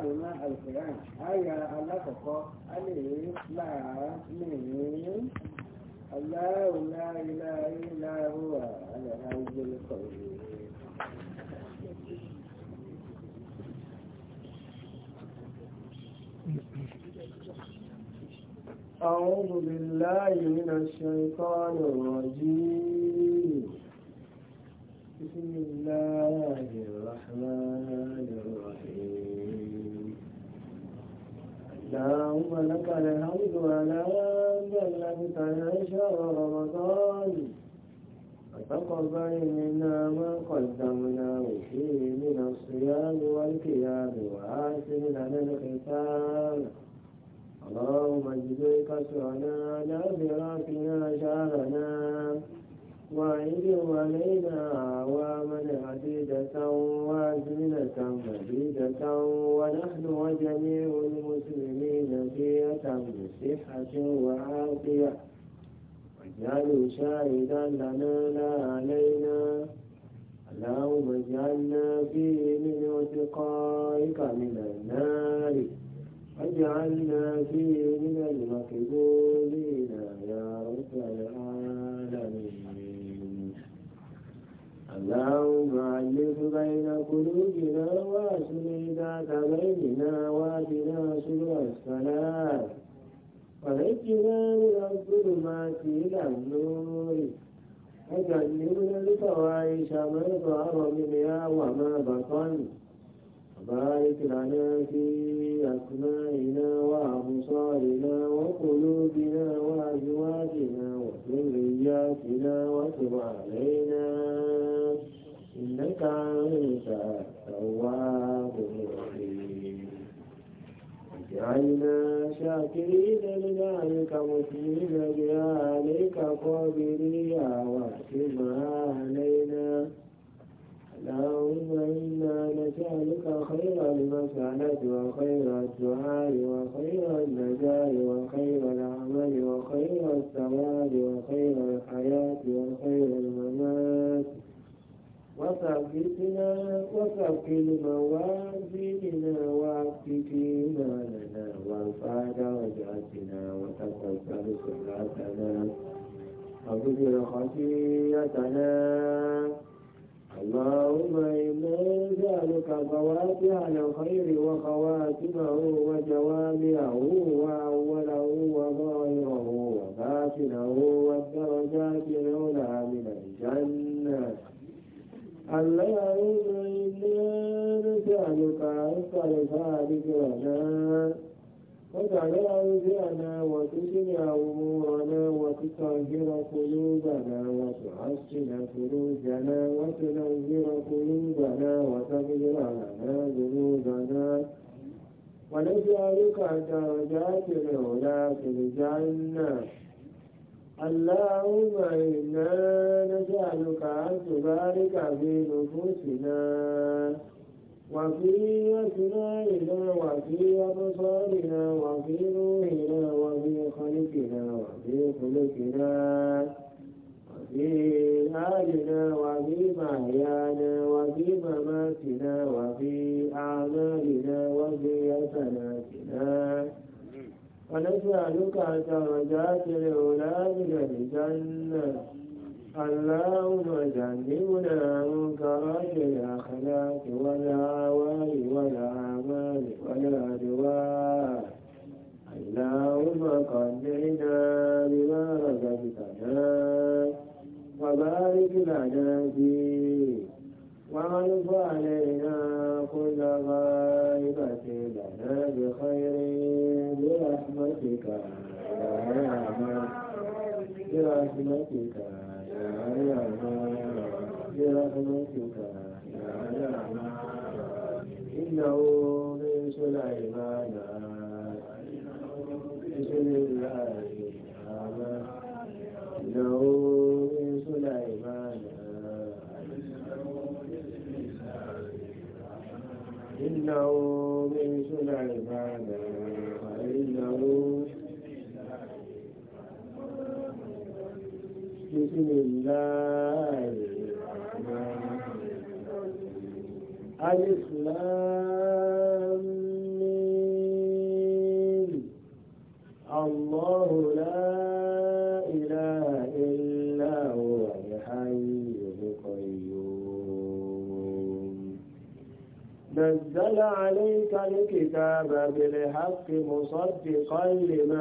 àrùn alìkìrán àyà alákọ̀ọ́kọ́ a lè rí láàárín aláàrùn láàárín láàárín àlàárín jẹ́ kọ̀ọ̀rọ̀ أعوذ بالله من الشيطان الرجيم بسم الله الرحمن الرحيم اللهم لك الحمد على ما بلغتنا شهر رمضان وتقبل منا ما قدمناه فيه من الصيام والقيام وآسن لنا الختان اللهم اجزيك سعنا على براتنا شهرنا وعيد علينا أعواما عديدة وازمنة مديدة ونحن وجميع المسلمين في أتم صحة وعافية واجعلوا شاهدا لنا لا علينا اللهم اجعلنا فيه من وثقائك من النار واجعلنا فيه من المكذوب اللهم ألف بين قلوبنا وأسر ذات بيننا وأتنا سوء السلام ونجنا من الظلمات إلى النور وجنبنا الفواحش ما ظهر منها وما بطن وبارك لنا في أسمائنا وأبصارنا وقلوبنا وأزواجنا وذرياتنا وتب علينا إنك أنت التواب الرحيم اجعلنا شاكرين لذلك مسلمين بذلك قابليا واحكمها علينا اللهم إنا نسألك خير المسألة وخير الدعاء وخير النجاة وخير العمل وخير الثواب وثبتنا وثقل موازيننا واكف إيماننا وارفع درجاتنا وتقبل صلاتنا واغفر خطيئتنا اللهم إنا نسألك فواتح الخير وخواتمه وجوامعه وأوله وظاهره وباطنه والدرجات العلى ألا يرضى إلا رسالك أسأل ذلك لنا واجعل أوزعنا وتجمع أمورنا وتطهر قلوبنا وتحسن فروجنا وتنور قلوبنا وتغفر لنا ذنوبنا ونجعلك درجات العلا في الجنة اللهم إنا نسألك أن تبارك في نفوسنا وفي أسمائنا وفي أبصارنا وفي روحنا وفي خلقنا وفي خلقنا وفي آلنا وفي محيانا وفي مماتنا وفي أعمالنا وفي أسنا ونسألك درجات العلا من الجنة اللهم جنبنا منكرات الأخلاق والأعوال والأعمال والأدواء اللهم قنعنا بما رزقتنا وبارك لنا فيه وارض علينا كل غائبة لنا بخير ربك يا رحمن برحمتك يا رحمن برحمتك يا رحمن إنه من سليمان بسم الله kọ́ lè má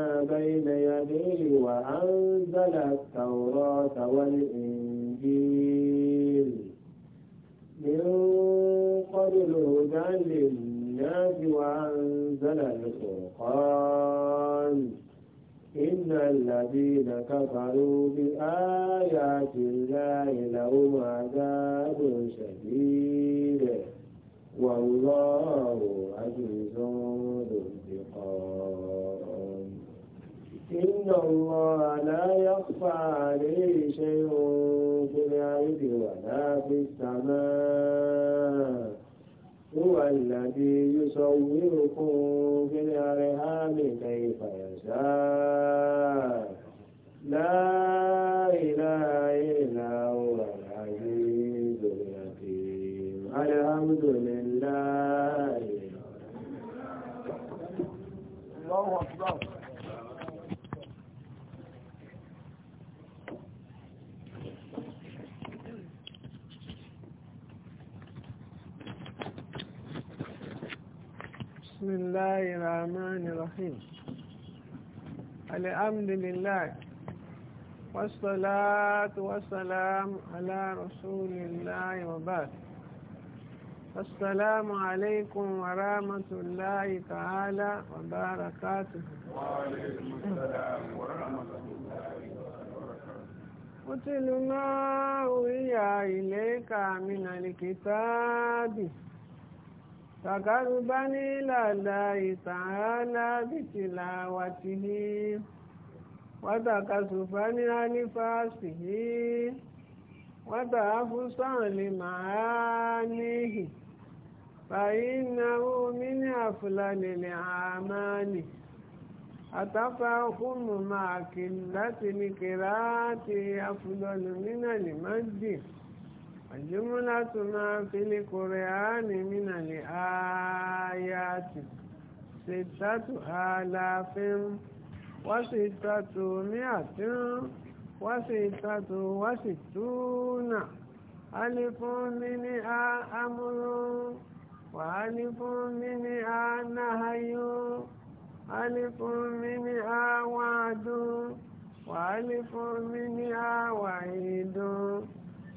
الرحيم الحمد لله والصلاة والسلام على رسول الله وبعد السلام عليكم ورحمة الله تعالى وبركاته وعليكم السلام ورحمة الله وبركاته قتل ما أوحي إليك من الكتاب فقربني إلى الله تعالى بتلاوته وتكسفني عن فاسه وتعفصا لمعانيه فإنه من أفلل الأعمال أتفاقم مع قلة القراءة أفضل من المجد na a ya tatu tatu ala wasi wasi wasi omi alimnatpili kụrụa anminali ayat stat alapi astapi astastna alipoiri aamụrụ aipo miri anahayụ alipụ miri awa do ipo miri awaido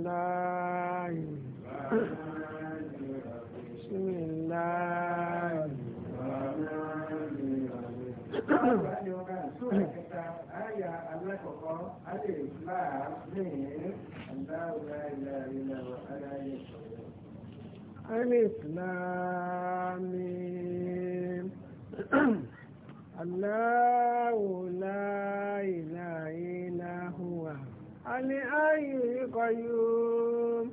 الله بسم الله Aya alákọ̀ọ́kọ́, a lè máa ní àdáwọ̀lá ìlà ìlà aláyé sọ̀rọ̀. الحي القيوم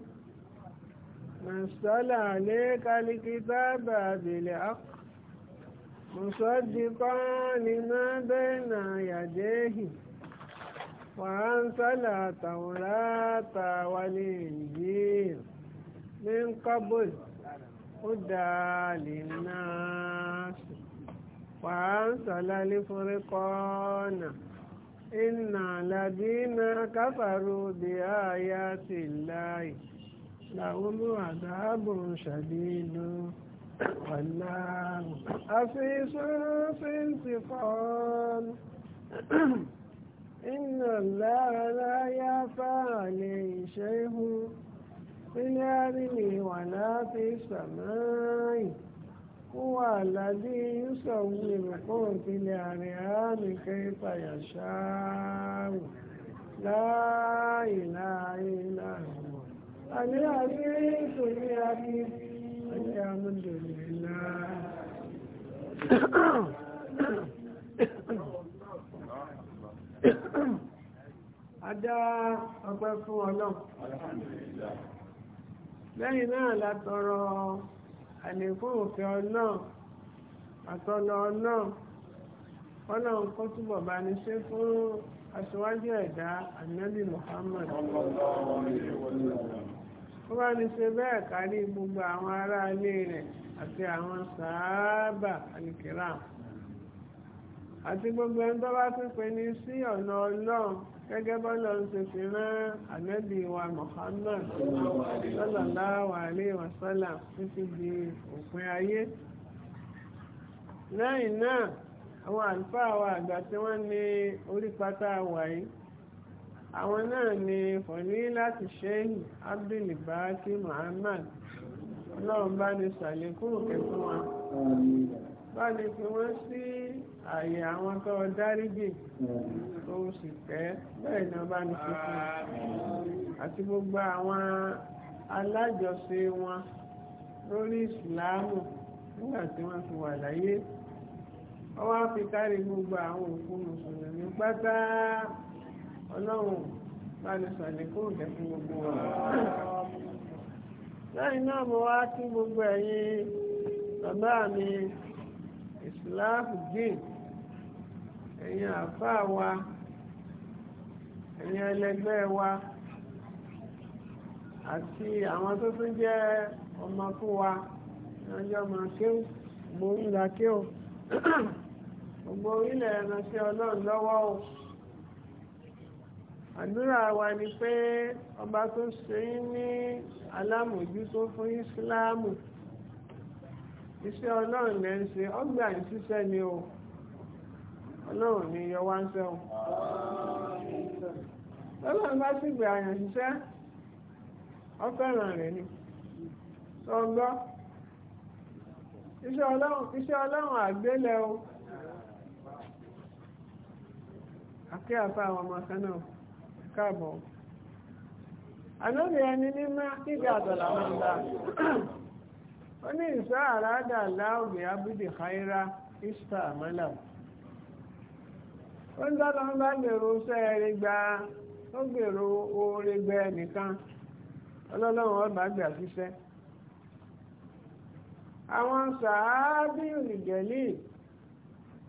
نزل عليك الكتاب بالحق مصدقا لما بين يديه وأنزل التوراة والإنجيل من قبل هدى للناس وأنزل الفرقان iná ládínà káfàrú bí àyà ti láì làwọn àdáàbò ṣàdínú wàlá àfihàn fíǹtì kan iná lára yáfà lè ṣe é hù sílẹ̀ àríwá láti sàmáì. هو الذي يصوركم في الأرحام كيف يشاء لا إله إلا هو العزيز الحكيم الحمد لله Adá ọpẹ́ fún Ọlọ́run. Lẹ́yìn náà látọrọ àlékún òfin ọlọ́run àtọ́nà ọlọ́run ọlọ́run kó túbọ̀ bá ní ṣe fún aṣíwájú ẹ̀dá ànábì Muhammad ó bá ní ṣe bẹ́ẹ̀ kárí gbogbo àwọn aráalé rẹ̀ àti àwọn sàábà àti gbogbo ẹni tó bá tún pè ní sí ọ̀nà ọlọ́run gẹ́gẹ́ bọ́lá ń ṣe fi rán ànábì wa Muhammad sallallahu alaihi wasallam títí di òpin ayé lẹ́yìn náà àwọn àlùfáà wa àgbà tí wọ́n ní orí pátá wà yìí àwọn náà ni fọ̀lí láti ṣẹ́yìn Abdul Baki ọlọ́run bá ní sàlékún òkè fún wa bá lè fi wọ́n sí àyè àwọn tó dáríjì tó sì tẹ́ bẹ́ẹ̀ ni wọ́n bá ní fi fún àti gbogbo àwọn alájọṣe wọn lórí ìsìláàmù nígbà tí wọ́n fi wà láyé ọwọ́ fi kárí gbogbo àwọn òkú mùsùlùmí pátá ọlọ́run bá lè sàlékún ìjẹ́ fún gbogbo wọn. lẹ́yìn náà mo wá kí gbogbo ẹ̀yin bàbá mi ìsìláàfù dín ẹ̀yin àfáà wa ẹ̀yin ẹlẹgbẹ́ wa àti àwọn tó tún jẹ́ ọmọ fún wa ọjọ́ máa kéwù mo ń la kéwù gbogbo orílẹ̀ ẹ̀ránṣẹ́ ọlọ́run lọ́wọ́ o àdúrà wa ni pé ọba tó ṣe ní alámòjútó fún ìsìláàmù. iṣẹ́ ọlọ́run lẹ́ ń ṣe ọgbà ìṣiṣẹ́ ni o ọlọ́run ni yọ wá ń ọlọ́run bá sì gbé àyàn ṣiṣẹ́ ọfẹ́ràn rẹ̀ ni ọgbọ́ iṣẹ́ ọlọ́run àgbélẹ̀ o àkí àfa àwọn ọmọ náà káàbọ̀ àlọ́ ẹni ní má kíga àtọ̀là máa ń ó ní ìfẹ́ àràádà láògbé abúdì khaira ista amala ó ń dábàá ń bá gbèrò sẹ́ẹ̀rì gba ó gbèrò oore gbẹ nìkan ọlọ́lọ́run ọba gbà síṣẹ́ àwọn sàábì olùjẹ́lì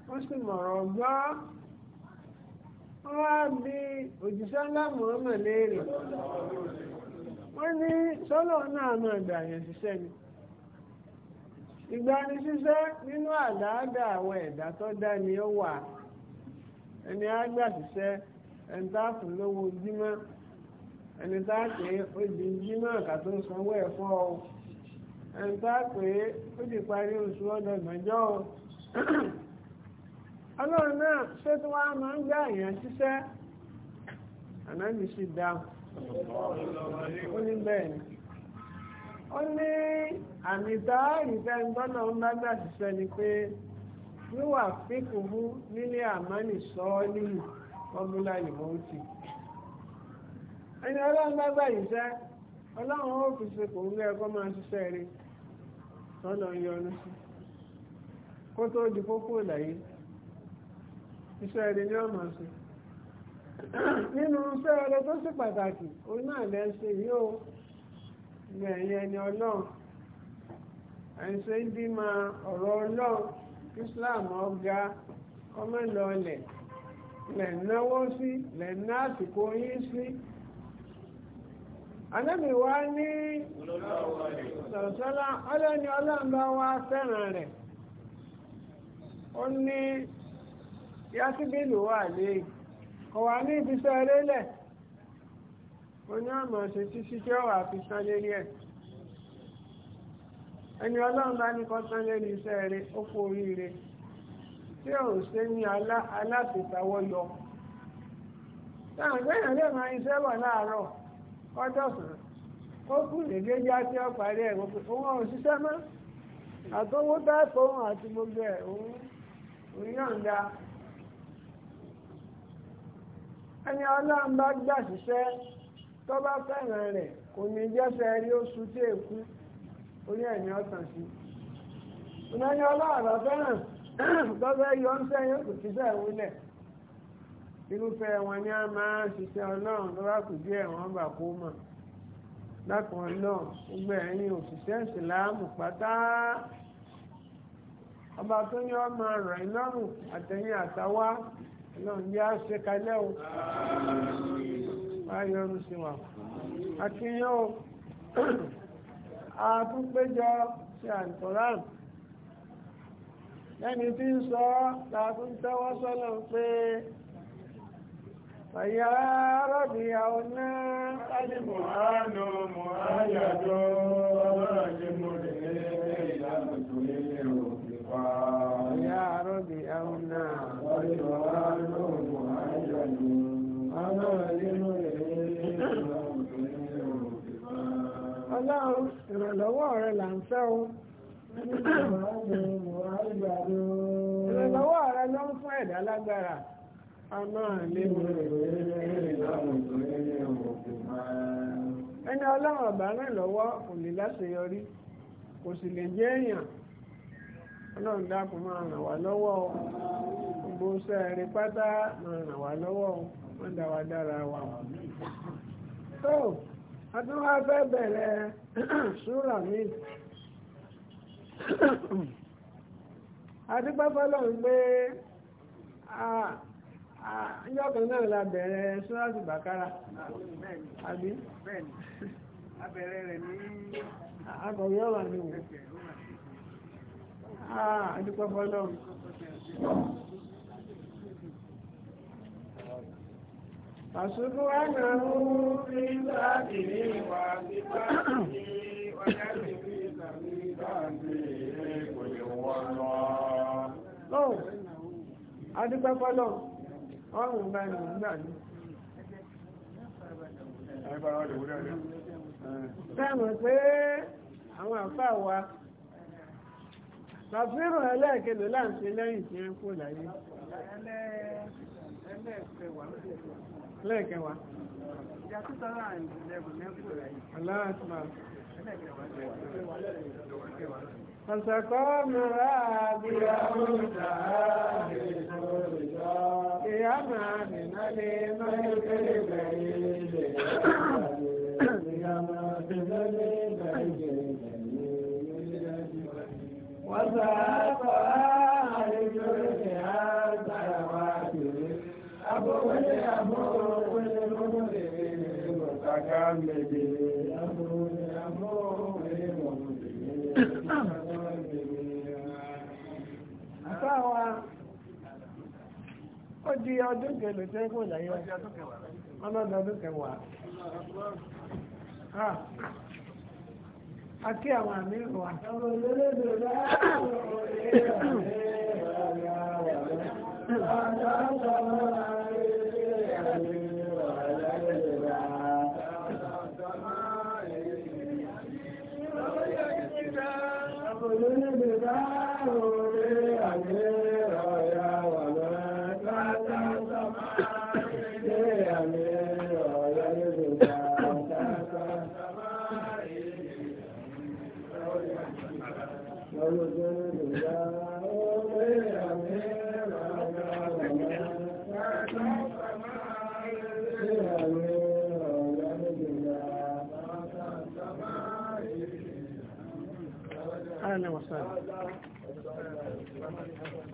wọ́n sì mọ̀rọ̀ gbọ́ wọ́n wá bí òjíṣẹ́ ńlá mọ̀ọ́mọ̀ léèrè ìgbani ṣiṣẹ́ nínú àdáàdà àwọn ẹ̀dá tó dá ni ó wà ẹni àgbà ṣiṣẹ́ ẹni tá a fún lówó jímọ́ ẹni tá a pé ó di jímọ́ àkà tó ń sanwó ẹ̀ fún ọ ẹni tá a pé ó ti parí oṣù ọdọgbọ̀njọ́ o ọlọ́run náà ṣé tí wàá máa ń gbà yẹn ṣiṣẹ́ ànábì sì dáhùn ó ní bẹ́ẹ̀ ni ó ní àmì táàrí fẹ́ńtọ́nà ń bá gbà ṣiṣẹ́ ni pé wíwà fíkùhù nílé àmánì sọ́ọ́lì ọmúlá ìmọ̀ọ́tì ẹni ọlọ́run bá gbà ṣiṣẹ́ ọlọ́run ó fi ṣe kò ń gbé ẹkọ́ máa ṣiṣẹ́ rí tọ́nà yọnu sí kó tó di kókó láyé iṣẹ́ rí ni ọmọ sí nínú iṣẹ́ rẹ tó sì pàtàkì òun náà lẹ́sẹ̀ yóò gbẹ̀yìn ẹni ọlọ́run àìsàn ma ọ̀rọ̀ ọlọ́run islam ọ̀gá ọmọlọ́ọ̀lẹ̀ lẹ̀ náwó sí lẹ̀ ná àsìkò yín sí. Ànábì wa ní sọ̀sọ́lá ọlọ́ni ọlọ́mbá wa fẹ́ràn rẹ̀. Ó ní Yásíbìlù wà lé kọ̀ wá ní ibiṣẹ́ rélẹ̀. Onye ní àmọ̀ ṣe títí tí ó wà fi sán lérí ẹ̀. ẹni ọlọ́run bá ní kọ́tán lẹ́nu iṣẹ́ rẹ ó kú oríire tí ò ṣe ní alátìtàwọ́ yọ. táwọn gbẹ̀yàn lè máa iṣẹ́ bọ̀ láàárọ̀ kọ́tọ̀sán ó kú ìdèdéjá tí ó parí ẹ̀ òun ò ṣiṣẹ́ mọ́ àtọwọ́ dáàtọ̀ òun àti gbogbo ẹ̀ òun òun ẹni ọlọ́run bá tó bá fẹ́ràn rẹ̀ orí ẹ̀mí ọ̀tàn sí ìnáyẹ ọlọ́ọ̀rọ̀ fẹ́ràn lọ́fẹ́ yọ ń sẹ́yìn kò sí bẹ́ẹ̀ wúlẹ̀ irúfẹ́ wọn ni a máa ṣiṣẹ́ ọlọ́run lọ́wọ́ kù díẹ̀ wọ́n bà kó mọ̀ lákan náà gbogbo ẹ̀yin òṣìṣẹ́ ìsìláàmù pátá ọba tó ní ọmọ rẹ̀ lọ́rùn àtẹ̀yìn àtàwá ọlọ́run yá ṣe kalẹ́ o wáyé ọrùn sí wa akínyẹ́ o àtúnpéjọ ṣe àǹtọ̀rán lẹ́ni tí ń sọ látún tẹ́wọ́ sọ́lọ̀ pé Fàyà rọ́bì àwọn náà láti mọ̀hánà mọ̀háyàjọ́ ọlọ́rọ̀jẹ́ mọ̀rẹ̀ ìlànà tó lé òfìfà. Fàyà rọ́bì àwọn náà ọlọ́run ìrànlọ́wọ́ rẹ̀ là ń fẹ́ o ìrànlọ́wọ́ rẹ̀ ló ń fún ẹ̀dá lágbára a máa lé ẹni ọlọ́run ọ̀bá rẹ̀ lọ́wọ́ kò lè láṣeyọrí kò sì lè jẹ́ èèyàn ọlọ́run dákun máa ràn wá lọ́wọ́ o gbogbo pátá máa ràn wá lọ́wọ́ o wọ́n dá wa dára wa adúlá fẹ́ bẹ̀rẹ̀ ṣúra mi adúgbàfọ́lọ́ ń gbé ìjọba náà la bẹ̀rẹ̀ ṣúra ti bàkárà àbí abẹ̀rẹ̀ rẹ̀ ní akọ̀wé ọ̀rọ̀ mi wò adúgbàfọ́lọ́ ń gbé. فسبحانه في ذاته وصفاته ويده في ذاته قل هو الله adúgbẹ́ fọ́lọ́ ọrùn mẹ́rin nígbà pé àwọn àfà wa tàbírò ẹlẹ́ẹ̀kẹ́lò láǹṣẹ́ lẹ́yìn tí ń kò láyé lẹ́ẹ̀kẹwàá Àṣàkọ́ mìíràn bí i àmúta àrẹ̀kọ́rẹ̀dá. Ìyá máa ìyá máa nìna lè máa kéré Àtàwà ó di ọdún kẹlù tẹ́ kò láyé ọlọ́dọọdún kẹwàá. Àti àwọn àmì ìwà. Ọmọ ìlélẹ́dọ̀ láàrín ọ̀rẹ́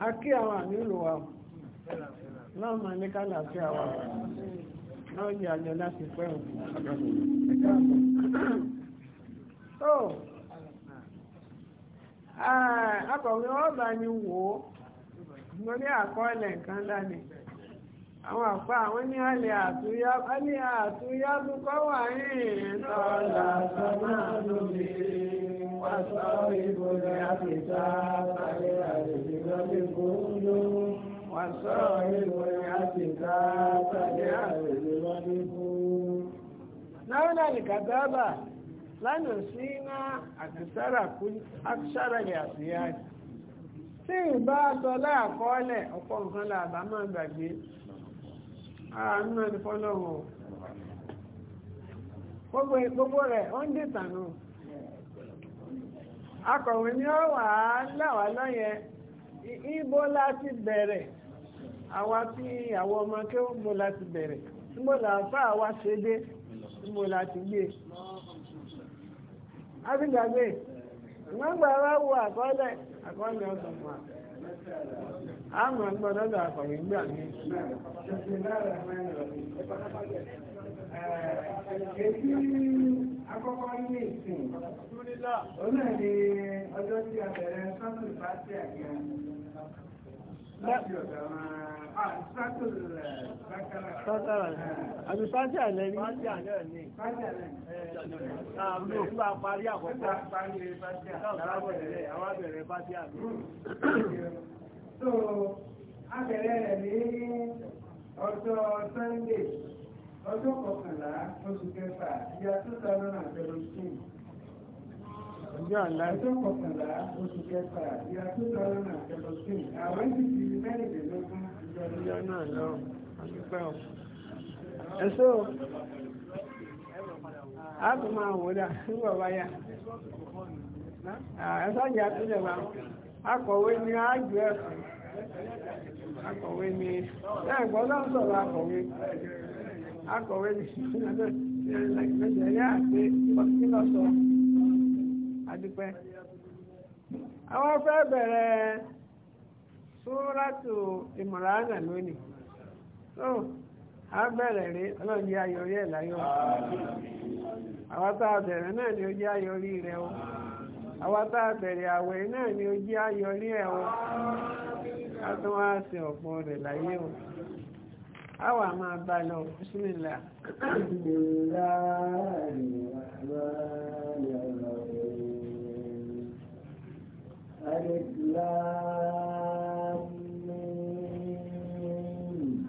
a kí àwọn àmìlò wa náà ma ní kálàáfíà wa náà yí àjọ láti pẹ́ akọ̀wé ọba ni wò ó mo ní àkọọ́lẹ̀ nǹkan dání àwọn àpá àwọn ní alẹ́ àtúnyábùkọ́ wà ní ìrìnlọ́lá sọ́nà lómi wà sọ́rọ̀ ìbò ní àfíta àrẹ́ àrẹ́ فلكل وسائل الاعتكاف لعبد لولا الكتابة لنسينا أكثر كل أكثر الأسياد tí ìbá tọ́lá àkọọ́lẹ̀ ọ̀pọ̀ nǹkan làbá máa gbàgbé àánú ẹni fọ́lọ́wọ́ gbogbo gbogbo rẹ̀ ó ń dìtànù ni ó wà ibo láti bẹ̀rẹ̀ àwa tí àwọn ọmọ kéwọ́n mo láti bẹ̀rẹ̀ níbo làáfà àwa ṣe dé níbo láti gbé ábígbàgbé ìmọ̀gbà wo àkọọ́lẹ̀ àkọọ́lẹ̀ ọ̀sán wa àmọ́ àkọ̀wé gbà Èyí akọ́kọ́ ilé ìsìn, òun ni ọjọ́ tí a bẹ̀rẹ̀ sọ́tù bá àgbà láti ọ̀dọ̀ àmì pàṣẹ àlẹ́ ní pàṣẹ àlẹ́ bá parí àkọ́kọ́ àwọn abẹ̀rẹ̀ pàṣẹ àlẹ́ so abẹ̀rẹ̀ ní ọjọ́ Sunday ọjọ́ kọkànlá oṣù kẹfà ìyá tó ta lọ́nà seventeen ọjọ́ kọkànlá oṣù kẹfà ìyá tó ta lọ́nà seventeen àwọn mẹ́rìndínlógún a máa wò dà akọ̀wé nàìjíríà pé kí lọ sọ adúpẹ́. àwọn fẹ́ bẹ̀rẹ̀ súrátù ìmọ̀ràn lónìí tó a bẹ̀rẹ̀ rí ọlọ́run jẹ́ ayọ̀rí ẹ̀ láyọ̀ àwọn tá a bẹ̀rẹ̀ náà ni ó jẹ́ ayọ̀rí rẹ̀ o àwọn tá a bẹ̀rẹ̀ àwẹ̀ náà ni ó jẹ́ ayọ̀rí ẹ̀ o a tún wá sí ọ̀pọ̀ rẹ̀ láyé o àwa máa bá lọ bísímìlà.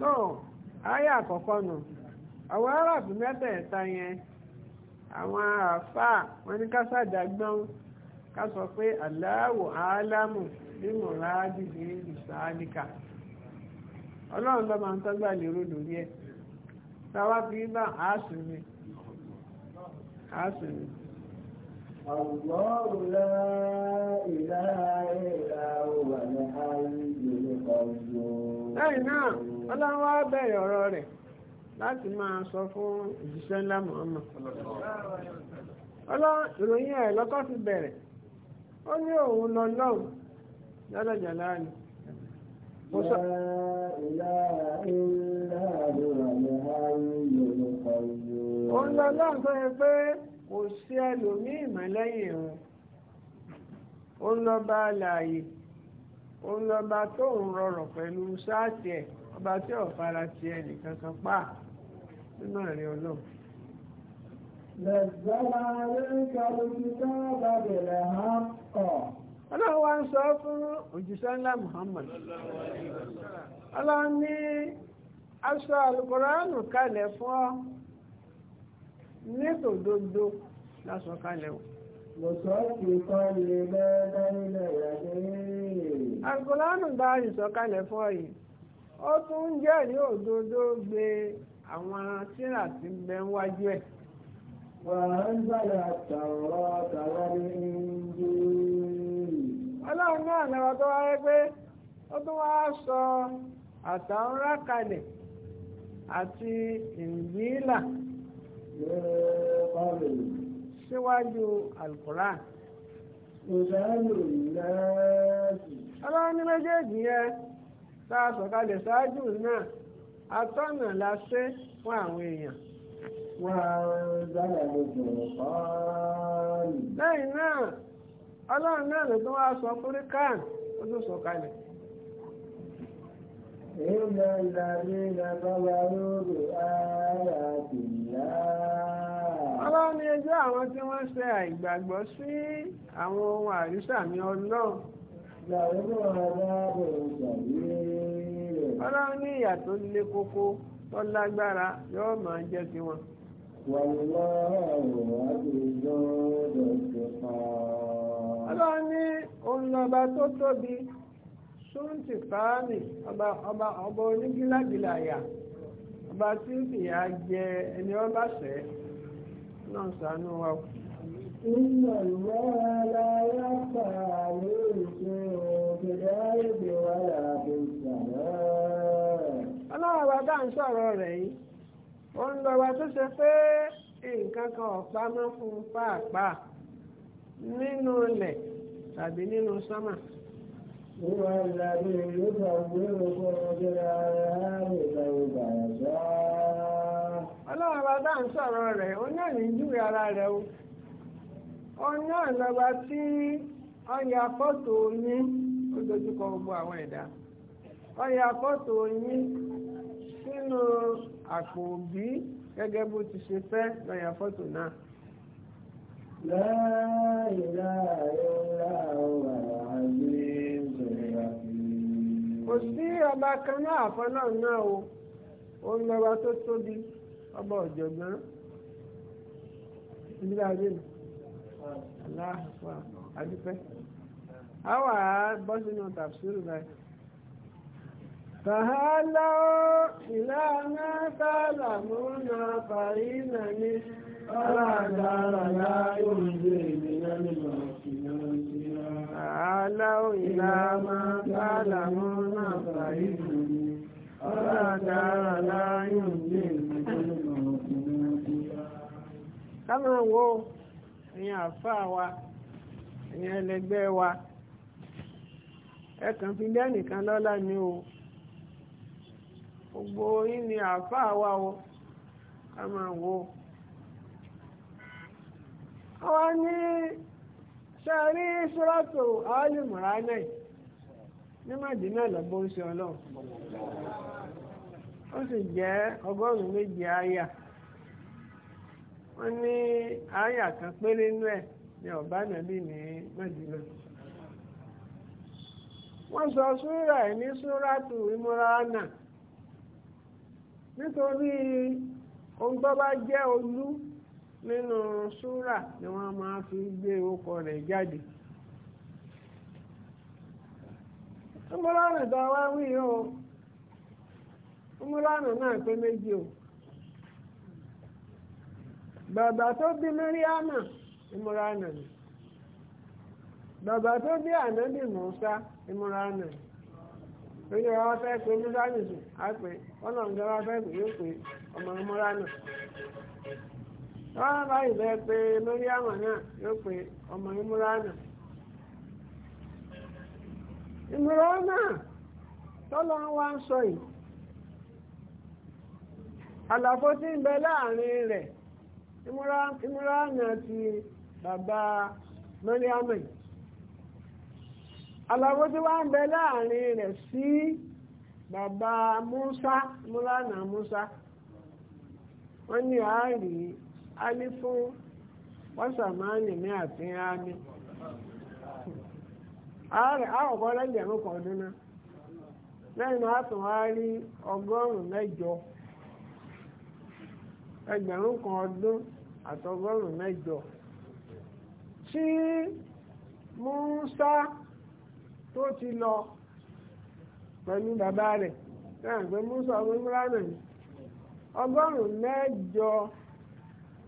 tó ayé àkọ́kọ́ nù àwọn aráàbù mẹ́tẹ̀ẹ̀ta yẹn àwọn àáfàá wọn ní kásádà gbọ́n ká sọ pé aláwọ̀ álámù bí mọ̀rá dìde ìsáálíkà. ọlọ́run lọ máa ń tọ́gbà lérò lórí ẹ̀ tàwa fi bá mi mi. náà ọlọ́run wá bẹ̀rẹ̀ ọ̀rọ̀ rẹ̀ láti máa sọ fún òjíṣẹ́ ńlá ọlọ́run ìròyìn ẹ̀ lọ́kọ́ bẹ̀rẹ̀ ó ní òun lọ láàrin. Òun lọ lọ́n tó yẹ pé kò sí ẹlòmíì mọ́ lẹ́yìn òun. Òun lọ bá láàyè. Òun lọ bá tó ń rọrọ̀ pẹ̀lú sáàtì ẹ̀. Ọba tí ò fara ti ẹ̀ nìkan kan pa nínú ẹ̀rẹ́ ọlọ́run. Lẹ̀zọ́ra lórí kàlùkù tó bá bẹ̀rẹ̀ hàn kọ̀ ọlọ́run wá ń sọ fún òjíṣẹ́ ńlá Muhammad ọlọ́run ní aṣọ alukọ̀rọ̀ánù kalẹ̀ fún ọ nítòdodo lásọ kalẹ̀ o. alukọ̀rọ̀ánù bá ìsọ̀kalẹ̀ fún ọ yìí ó tún ń jẹ́rìí òdodo gbé àwọn tíra tí ń wájú ẹ̀. wàá ń bàlẹ̀ àtàwọn ọ̀tàwọn ní ọlọ́run náà lọ́wọ́ tó wáyé pé ó tún wá sọ àtàwọ́rá kalẹ̀ àti ìgbìlà síwájú alukuran. ọlọ́run ní méjèèjì yẹn tá a sọ̀kalẹ̀ ṣáájú náà atọ́nà la ṣe fún àwọn èèyàn. wọ́n á dára lójú ọ̀pá. lẹ́yìn náà ọlọ́run náà ló tó wá sọ fúrí kan ó tó sọ kalẹ̀. Ìlà ìlàrí ìlàbáwá lóru ara bìlá. Ọlọ́run ní ẹjọ́ àwọn tí wọ́n ṣe àìgbàgbọ́ sí àwọn ohun àrísàmì ọlọ́run. Ìgbàgbọ́ aláàbò ìyà tó le koko tó lágbára yóò máa jẹ́ tiwọn. Wàlúwà ọ̀rọ̀ àti ìjọ́ ọ̀dọ̀ ṣe pa ọlọ́run ní òǹlọ́ba tó tóbi ṣúǹtì fáàmì ọba ọba ọba onígílágìláyà ọba tí ń fìyà jẹ ẹni ọba sẹ́ náà sànú wa. Inna Allah la yakhfa alayhi shay'un fil ardi wala fis samaa. Ọlọ́run wa bá ń sọ̀rọ̀ rẹ̀ yìí, ó ń lọ wa tó ṣe pé nǹkan kan ọ̀pá mọ́ fún pàápàá. nínú ilẹ̀ tàbí nínú sánmà. Wíwá ìlàdí yóò gbà wíwò fún ọjọ́ ààrẹ ìgbà ìgbà ìgbà. Ọlọ́run bá dá ń sọ̀rọ̀ rẹ̀, ó náà ní júwe ara rẹ̀ o. Ó náà tí fọ́tò ó dojúkọ gbogbo àwọn ẹ̀dá. fọ́tò sínú kò sí ọba kan náà àfọ́nà náà o ó ń lọ́wọ́ tó tóbi ọba ọ̀jọ̀gbọ́n ìdílé ayé nù aláàfà adúpẹ́ a wà á bọ́ sínú tàbísírù báyìí. Tàhálà ó ìlànà tààlà mú náà fàrí nà ní. Àláwò ìlà máa gbáàlà wọn náà fàrí ìrìnlẹ̀. Ọlá àdára láyé òjé ìrìnlẹ̀ ọ̀pìnà sí. Ká máa wo ẹ̀yìn àfáà wa, ẹ̀yìn ẹlẹgbẹ́ wa, ẹ̀kàn fi lẹ́nìkan lọ́lá ni o. Gbogbo yín ni àfáà wa o, wo. àwọn ní sẹ́rí sọ́rọ́tò alìmọ̀rá náà ní lọ lọ́gbọ́n sí ọlọ́run ó sì jẹ́ ọgọ́rùn-ún méjì ayà wọ́n ní àyà kan péré ẹ̀ ní ọ̀bá nàbí ní wọ́n sọ súrà ẹ̀ ní nítorí ohun tó olú nínú súrà ni wọ́n máa fi gbé orúkọ rẹ̀ jáde. Umurana tó wí o, Umurana náà pé méjì o. Bàbá tó bí Míríámà, Umurana ni. Bàbá tó bí Ànábì Mùsá, Umurana ni. Oye wa fẹ́ pé sùn, wọ́n bá ìbẹ́ pé ọmọ ìmúránà ìmúránà tọ́lọ́ wa ń sọ yìí àlàfo rẹ̀ ti bàbá mẹ́ríàmù yi. tí wá ń rẹ̀ sí bàbá Musa ìmúránà Musa wọ́n a alifu wọ́sàmánì ní àfihàn ámì àkọ́kọ́ lẹ́gbẹ̀rún kan ọdún náà lẹ́yìn náà tún wá rí ọgọ́rùn mẹ́jọ ẹgbẹ̀rún kan ọdún àtọgọ́rùn mẹ́jọ tí tó ti lọ pẹ̀lú mẹ́jọ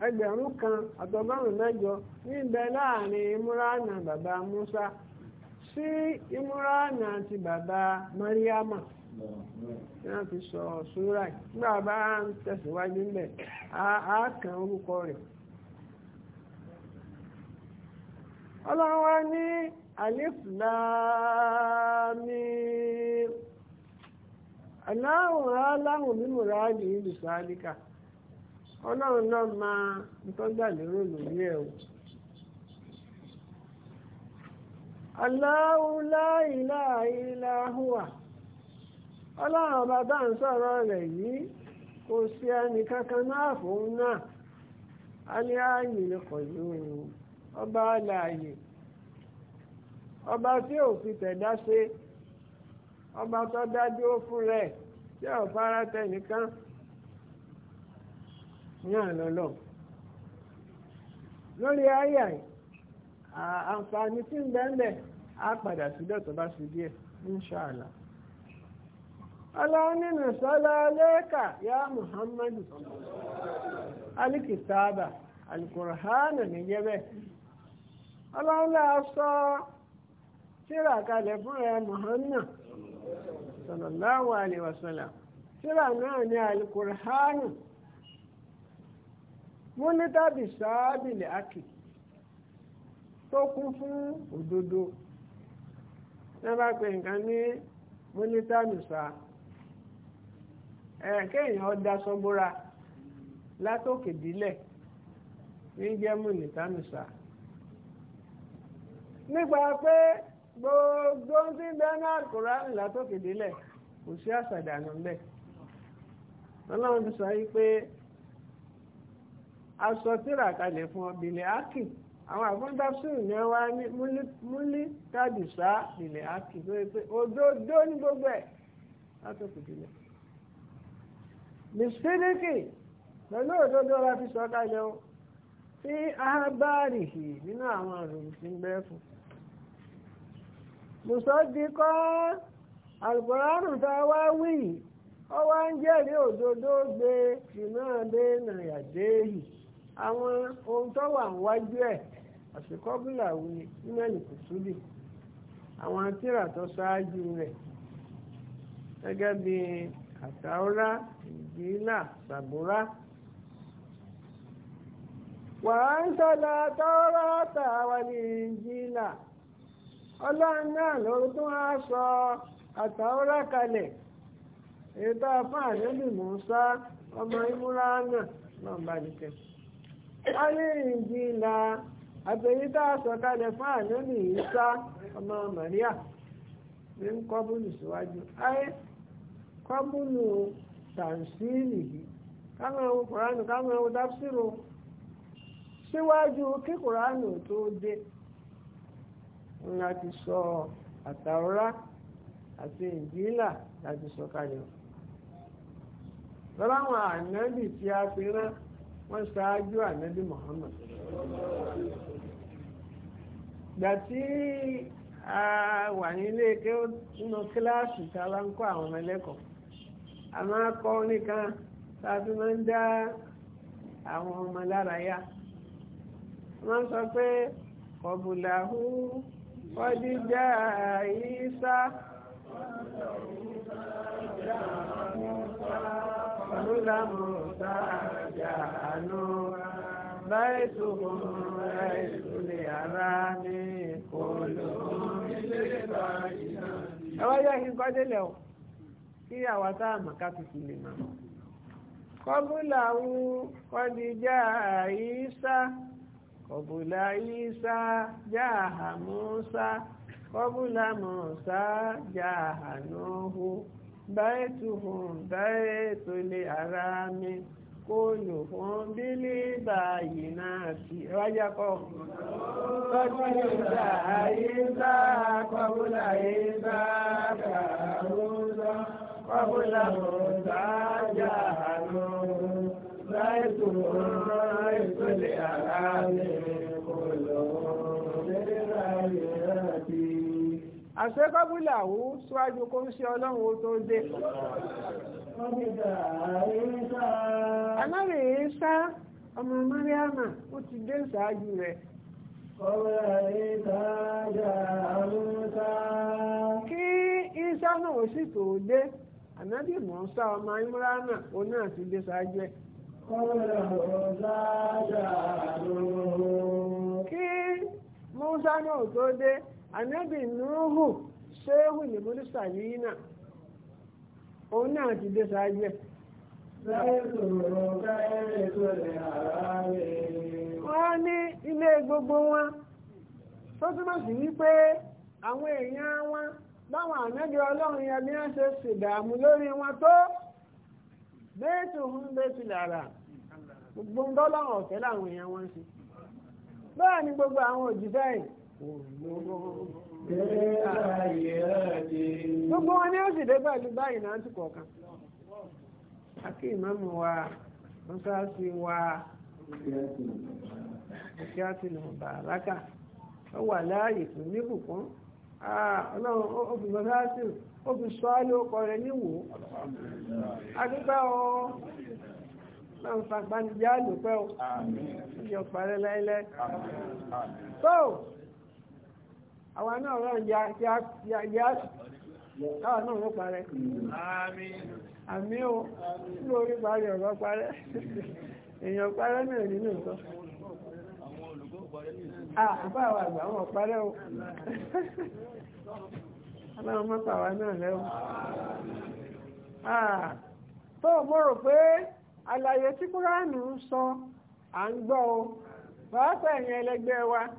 ẹgbẹ̀rún kan àtọgọ́rùn mẹ́jọ níbẹ̀ láàrin imúránà bàbá Musa sí imúránà ti bàbá Mariama ní fi sọ ṣúra nígbà bá ń tẹ̀síwájú ń bẹ̀ á orúkọ rẹ̀ ọlọ́run ní àlefùlámi aláhùn aláhùn mímúra ní ìlú ọlọ́run náà máa ìtọ́gbà lérò lórí ẹ̀ o. Allahu ọlọ́run ọba bá ń sọ̀rọ̀ rẹ̀ yìí kò sí ẹnì kankan náà fún náà aláàyè lẹ́kọ̀ọ́yọ́ ọba aláàyè ọba tí ò fi tẹ̀dá ọba tó dájú fún rẹ̀ tí náà lọ́lọ́ lórí ayé àǹfààní tí ń bẹ́ẹ̀ á padà sílẹ̀ tó bá sí díẹ̀ inṣàlá aláwọ̀nínú sọ́lá lẹ́ẹ̀kà yá muhammadu alikitaba alikurhana ní yẹ́bẹ̀ aláwọ̀lá sọ tíra kalẹ̀ fún ẹ muhammad sallallahu alaihi wasallam tíra náà ní alikurhana múnítàbí sáábìlì ákì tó kún fún òdodo ní bá pe nǹkan ní múnítàmùsà kéèyàn ọdá sọ́búra látòkè dílẹ̀ ní jẹ́ múnítàmùsà nípa pé gbogbo ń tí bernard kura látòkè dílẹ̀ kò sí àṣàdànù ńlẹ̀ ọlọ́run ti sọ yí pé. aṣọ tíra kalẹ̀ fún ọbìnrin ákì àwọn àfọ́ńdásùn yẹn wá ní múlí tàbísà ìlẹ̀ ákì tó yẹ pé òdodo ní gbogbo ẹ̀ látòkù délẹ̀. bisiliki pẹ̀lú òdodo la fi sọ kalẹ̀ o tí ahabari hì nínú àwọn àròyìn tí ń bẹ fún. mùsọ̀dí kọ́ alukóránù tá a wá wí yìí ó wá ń jẹ́rìí òdodo gbé ìmọ̀ adé nàìjíríà yìí. àwọn ohun tó wà níwájú ẹ̀ àṣekọ́bílà wí nímẹ̀lì kùsùlì àwọn tíra tó ṣáájú rẹ̀ gẹ́gẹ́ bí àtàwọ́rá ìjìlá sàbúrá wà á ń sọ́dọ̀ àtàwọ́rá àtàwà ní ọlọ́run náà lórí tó sọ àtàwọ́rá kalẹ̀ èyí tó a fún àdébì mọ́sá ọmọ ìmúra náà náà bá alẹ́rìndínlá àtẹ̀yítà sọ̀kalẹ̀ fún ànábì ìsá ọmọ Màríà ní kọ́bùlù síwájú ayé kọ́bùlù tàǹsíìlì yìí káwọn ohun kùránù káwọn ohun dáfsírò síwájú kí kùránù tó dé láti sọ àtàwọ́rá àti ìjìlá láti sọ lọ́láwọn ànábì tí a fi rán wọ́n ṣáájú ànábì Muhammad gbà tí a wà nílé ké nínú kíláàsì tá a bá ń kọ́ àwọn ọmọ ẹlẹ́kọ̀ọ́ a máa kọ́ nìkan tá a máa ń dá àwọn ọmọ lára wọ́n sọ pé kọ̀bùlàhù ọdíjà ìsá ظلموا تعجلوا بيتهم بيت اليمام كلهم ẹ wá yá kí n kọ́dé lẹ̀ ọ́ kí àwa tá a mọ̀ ká tuntun lè mọ̀. kọ́bùlà ń kọ́díjà àyíṣà kọ́bùlà àyíṣà jáà Mùsá kọ́bùlà Mùsá jáà Nóhù báyìtùhùn báyìtù lè ara mi kó lò fún bílí báyìí náà sí rájá kọ́. tọ́jú ìgbà ayé bá kọ́bùlà ayé bá kàró lọ kọ́bùlà ọ̀gá lè ara mi. àṣẹ kábúlà wú síwájú kó ń ṣe ọlọ́run ó tó dé. anábì Ìsá ọmọ Mariama ó ti dé ṣáájú rẹ̀. kí Ìsá náà sì tó dé ànábì Mùsá ọmọ Imrana ó náà ti dé ṣáájú ẹ̀. kí Mùsá náà tó dé. ànábì nùhù ṣéhù ní mọ́lúsà yìí náà òun náà ti dé sáájú ẹ̀. wọ́n ní ilé gbogbo wọn tó túmọ̀ sí wípé àwọn èèyàn wọn báwọn ànábì ọlọ́run yẹn bí wọ́n ṣe lórí wọn tó bẹ́ẹ̀tù ń bẹ́ẹ̀tù lára gbogbo ń ọ̀fẹ́ láwọn èèyàn wọn ṣe bẹ́ẹ̀ ni gbogbo àwọn òjì Gbogbo wọn ni ó sì dé pẹ̀lú báyìí náà ti kọ̀ọ̀kan. Akí ìmọ̀mù wa, mọ́sáàsì wa, ìṣẹ́ àti nàbà rákà. Ó wà láàyè fún níbùkún. Ọlọ́run ó fi mọ́sáàsì, ó fi sọ á lóko rẹ̀ níwò. o, Na fagbánijá lópẹ́ o. àwa náà rọ̀ yá yá yá káwa náà wọ́n parẹ́. àmì o tí orí parí ọ̀rọ̀ parẹ́ èèyàn parẹ́ náà nínú nǹkan. àbá àwọn àgbà wọn parẹ́ o aláwọn mọ́pàá wa náà lẹ́wọ̀n. tó o mọ̀ rò pé àlàyé tí kúránù ń sọ à ń gbọ́ o pàápàá ẹ̀yìn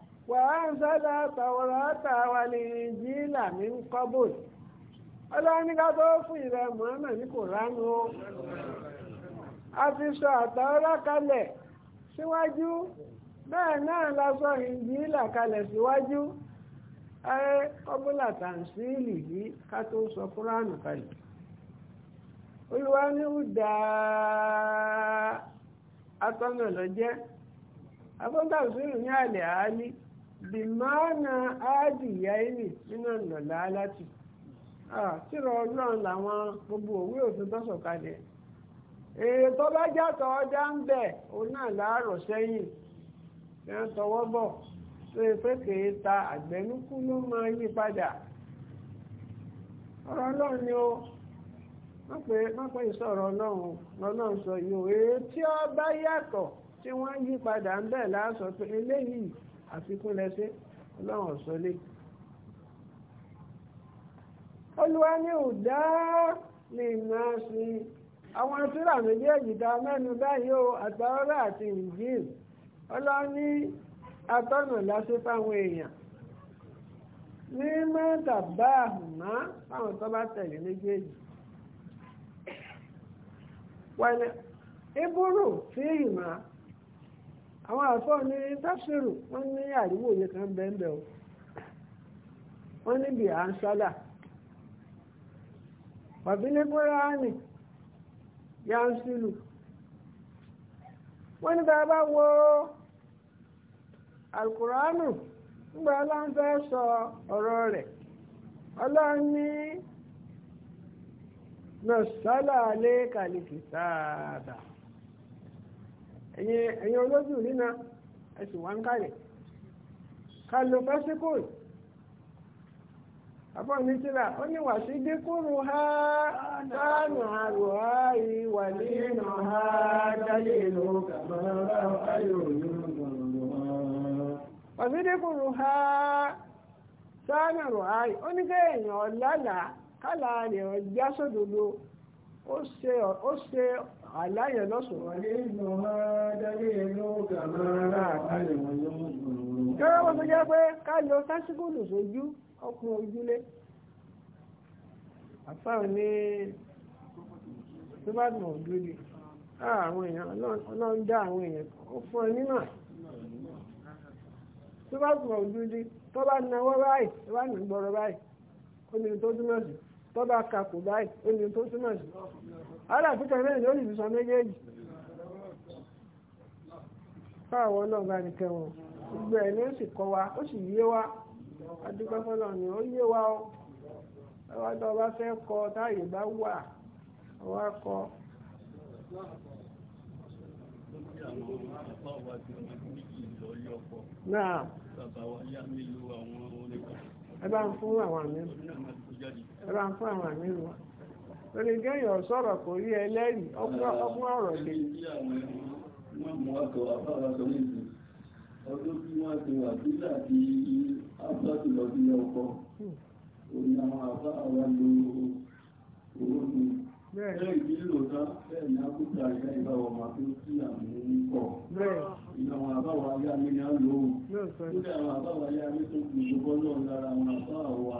وأنزل التوراة والإنجيل من قبل ọlọ́run ní ká tó fún ìrẹ́ Muhammad ní kò ránú o a ti sọ àtàwọ́rá kalẹ̀ síwájú bẹ́ẹ̀ náà la sọ ìjìlá kalẹ̀ síwájú ẹ kọ́bùlà tàǹsíìlì yìí ká tó sọ kúránù kalẹ̀ olúwa ní ìdá atọ́nà lọ́jẹ́ afọ́ńtàǹsíìlì ní àlẹ́ àálí bìmọ́nà áàdìyẹ́nì nínú a aláti tírọ ọlọ́run làwọn gbogbo òwe òfin tó sọ̀kalẹ̀ èyí tó bá jàtọ̀ ọjà ń bẹ̀ òun náà láàárọ̀ sẹ́yìn ẹ̀ tọwọ́ bọ̀ tó yẹ pé kèé ta àgbẹ̀nukú ló máa yí padà ọ̀rọ̀ ọlọ́run ni ó wọ́n pè ọlọ́run bá yàtọ̀ tí wọ́n yí padà ń bẹ̀ eléyìí àfikún lẹ́sẹ̀ ọlọ́run ọ̀sọ́lé olúwa ní òdá ní máa sí àwọn tíra méjèèjì ta mẹ́nu báyìí o àtàọ́rọ̀ àti ìjìn ọlọ́ní atọ́nà lásí fáwọn èèyàn ní mẹ́ta bá àmọ́ fáwọn tó bá tẹ̀lé méjèèjì wẹ̀lẹ̀ ìbúrò sí ìmọ̀ àwọn àfọ́ ní tafsiru wọ́n ní àríwò òye kan bẹ́ẹ̀ o wọ́n níbi à ń sálà wàbílẹ̀ kúránì yà ń sílù wọ́n ní bàbá wo alukùránù nígbà aláǹfẹ́ sọ ọ̀rọ̀ rẹ̀ ọlọ́run ní nọ̀sálà ẹ̀yin olójú nínà ẹ̀sùn wá ń kálẹ̀ ká lo pásíkòl àbọ̀ ní tíra ó ní wà sí dínkùrù ha dánù àrò ìwà nínú ha dáyé ló kàmọ́ ayò wà sí dínkùrù ha àrò ó ní àláyẹ̀ lọ́sọ̀rọ̀ gẹ́gẹ́ ojúlé àfáà ní tó bá mọ̀ òdúdí àwọn èèyàn ọlọ́run dá àwọn èèyàn ó fún ọ nímà tó bá mọ̀ òdúdí tó bá nawọ́ báyìí tó bá nà báyìí ó ní tó túmọ̀ sí tó bá kakò báyìí ó ní tó túmọ̀ sí aláàfíkà mẹ́rin ló lè fi sọ méjèèjì fáwọn ọlọ́ọ̀bá nìkan wọn gbogbo ẹ̀ ló sì kọ́ wa ó sì yé wa adúgbò fọlọ́ ni ó yé wa kọ táyé bá wà wá kọ. náà ẹ bá ń fún àwọn àmì ẹ bá ń fún àwọn àmì wa. torí kéèyàn sọ̀rọ̀ kò rí ẹlẹ́rìí ọkùn ọ̀rọ̀ lè. ọdún tí wọ́n ti wà ìyá ìbáwọ̀ máa tó sí àmì kọ̀ ìlà àwọn àbáwọ̀ ayé àmì ni a lò ó àwọn àbáwọ̀ ayé àmì tó kù ìṣòkọ́ náà lára àwọn àbáwọ̀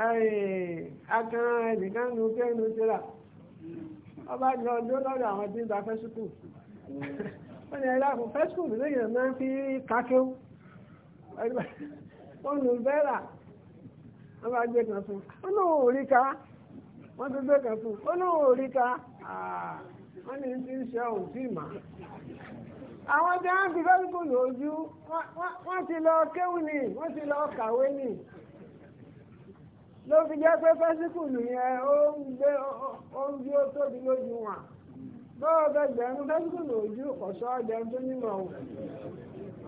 akẹ́rọ ẹnìkan nu kẹ́nu tíra ọba lọ dó lọ́dọ̀ àwọn tí ń gba fẹ́sùkù ó ní ẹ̀rọ àpò fẹ́sùkù lóyìn máa ń fi kákéw olùbẹ́rà wọ́n bá gbé kan fún ó lóun ò ká wọ́n tún gbé kan fún ó lóun ò ká wọ́n ní ti ń ṣe òun sí ìmọ̀ àwọn tí wọ́n fi fẹ́sùkù lójú wọ́n ti lọ kéwù ni wọ́n ti lọ kàwé ni. ló fi jẹ́ pé fẹ́síkùlù yẹn ó ń gbé oúnjẹ ó tóbi lójú wọn bọ́ọ̀ bẹ gbẹ̀rún ojú ọ̀ṣọ́ ọdẹ tó nímọ̀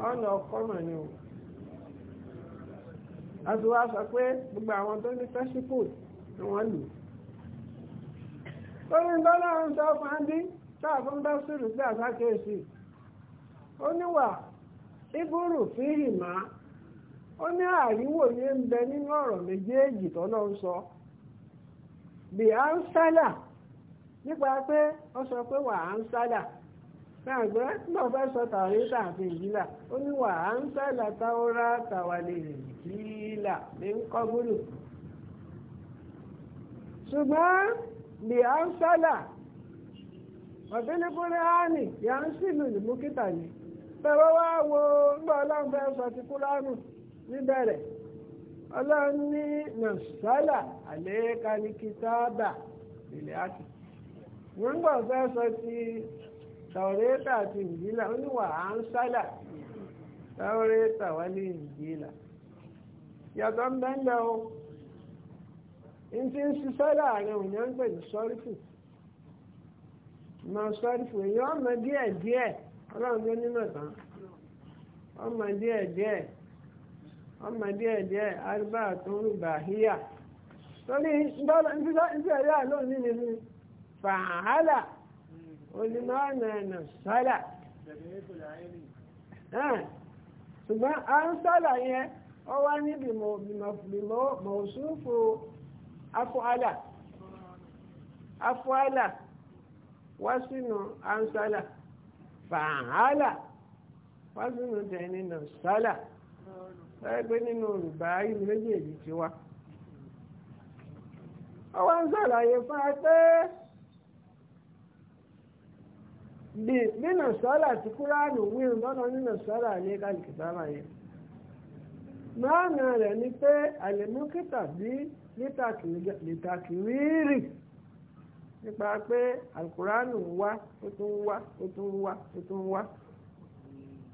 ọ̀nà ọ̀kọ́mọ̀ ni o. a sọ pé gbogbo àwọn tó ní fẹ́síkùlù ni wọ́n lù. ń sọ bá sùrù sí ó níwà ó ní àríwòye ń bẹ nínú ọ̀rọ̀ méjèèjì tọ́lọ́ ń sọ bí a ń sálà nípa pé ó sọ pé wà á ń sálà gbàgbé náà fẹ́ sọ tàwé tàbí ìjìlá ó ní wà á ń sálà táwọ́rá tàwálé ìjìlá ní ń kọ́ gbúdù ṣùgbọ́n bí a ń sálà ọ̀dẹ́lẹ́gbọ́rẹ́ áàní yà ń sílù ìlú kíta yìí tẹ́wọ́ wá wo gbọ́ ọlọ́run fẹ́ sọ ti kúránù níbẹ̀rẹ̀ ọlọ́run ní nàṣálà àléékà ní kìtàbà ilẹ̀ àti wọ́n gbọ́ fẹ́ sọ ti tàwọ́rẹ́tà àti ìjìlá ó ní wà á ń sálà tàwọ́rẹ́tà wà ní ìjìlá yàtọ̀ ń bẹ́ ń lọ o n ti ń ṣiṣẹ́ láàrin òun yẹn ń pè sọ́rífù mọ sọ́rífù èyí ọmọ díẹ̀ ọlọ́run tó nímọ̀ tán ọmọ díẹ̀ ọmọ díẹ̀ díẹ̀ arúgbó àtúnrú bàhíyà torí ìṣẹ̀yà lónìí ni fún fàhálà onímọ̀ọ́nà ẹ̀nà sálà ṣùgbọ́n a ń sálà yẹn ó wá níbi mọ̀ọ́sùnfò afọ́álà afọ́álà wá sínú ansálà fàhálà wá sínú tẹ̀yìn nà sálà. ẹgbẹ́ nínú rìbá ìlú méjèèjì ti wá ó wá ń sàlàyé fún ẹ pé nínú sọ́là tí kúránù wíhùn lọ́nà nínú sọ́là ní kálíkìtà láyé mọ́ọ̀nà rẹ̀ ni pé àlèmúkítà bí lítàkìrírì nípa pé alukùránù wá ó tún wá ó tún wá ó tún wá.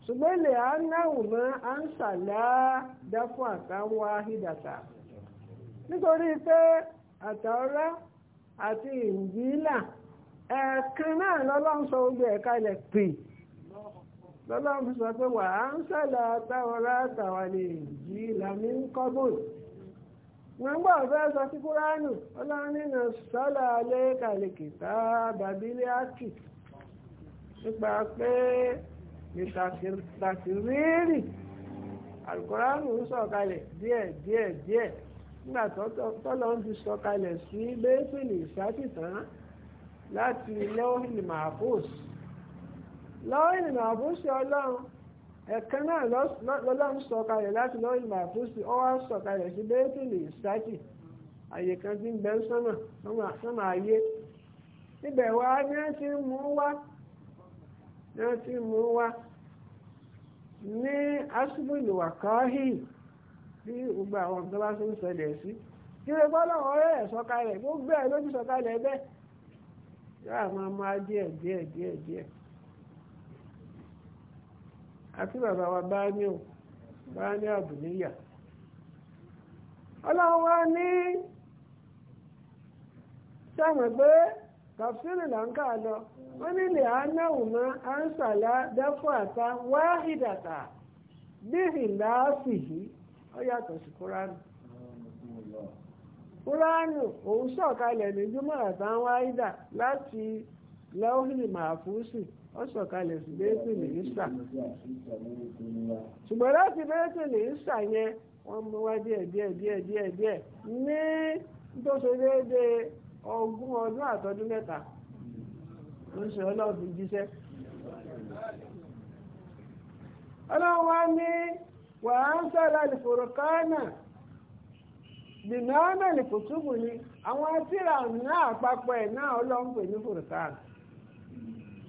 ṣùgbọ́n a anáwùmọ́ à ń ṣàlàdá fún àtàwọn ahídàtà nítorí pé àtàọ́rá àti ìjìlá ẹ̀ẹ̀kan náà lọ́lọ́run sọ gbogbo ẹ̀ka ilẹ̀ pè lọ́lọ́run sọ pé wà á ń ṣàlà àtàọ́rá àtàwọn lè jí ìlànà ń kọ́bùn ní tàti rírì alukóránù ń sọ̀kalẹ̀ díẹ̀ nígbà tọ́lọ́ ń ti sọ̀kalẹ̀ sí bẹ́ẹ̀sìlì ìsátìtàn láti lọ́ọ̀hìn mahfuz lọ́ọ̀hìn mahfuz ọlọ́run ẹ̀kan náà lọ́lọ́run sọ̀kalẹ̀ láti lọ́ọ̀hìn mahfuz ó wá sí bẹ́ẹ̀sìlì ìsátì àyè kan tí ń bẹ sọ́mà sọmọ ayé níbẹ̀ wá ní wọ́n ti ń náà ti mú wá ní asúbùlù wàkọ́hì bí gbogbo àwọn tó bá tó ń ṣẹlẹ̀ sí kíre gbọ́dọ̀ ọ̀rẹ́ ẹ̀ sọ̀kalẹ̀ gbogbo ẹ̀ lójú sọ̀kalẹ̀ bẹ́ẹ̀ yóò máa máa wa bá ní o bá ní àbùníyà tafsiri là nka kà lọ le nílẹ̀ anáwùmọ́ ansàlá dáfọ́àtà wáhídàtà bíhì bihi yìí o yàtọ̀ sí kúránù kúránù òun sọ̀kalẹ̀ ní jùmọ̀ràtà wáhídà láti lọ́hìnì màfúsì ó sọ̀kalẹ̀ sí bẹ́ẹ̀tìlì ìsà ṣùgbọ́n láti bẹ́ẹ̀tìlì ìsà yẹn wọ́n mú wá di ní tó ṣe déédéé ogún ọdún àtọdún mẹ́ta ló ṣe ọlọ́run fi jíṣẹ́ ọlọ́run wá ní wàá ń sọ̀rọ̀ àlìfòròkánà bìnnáàmà ní kùtùbù ni àwọn tíra náà àpapọ̀ ẹ̀ náà ọlọ́run pè ní fòròkánà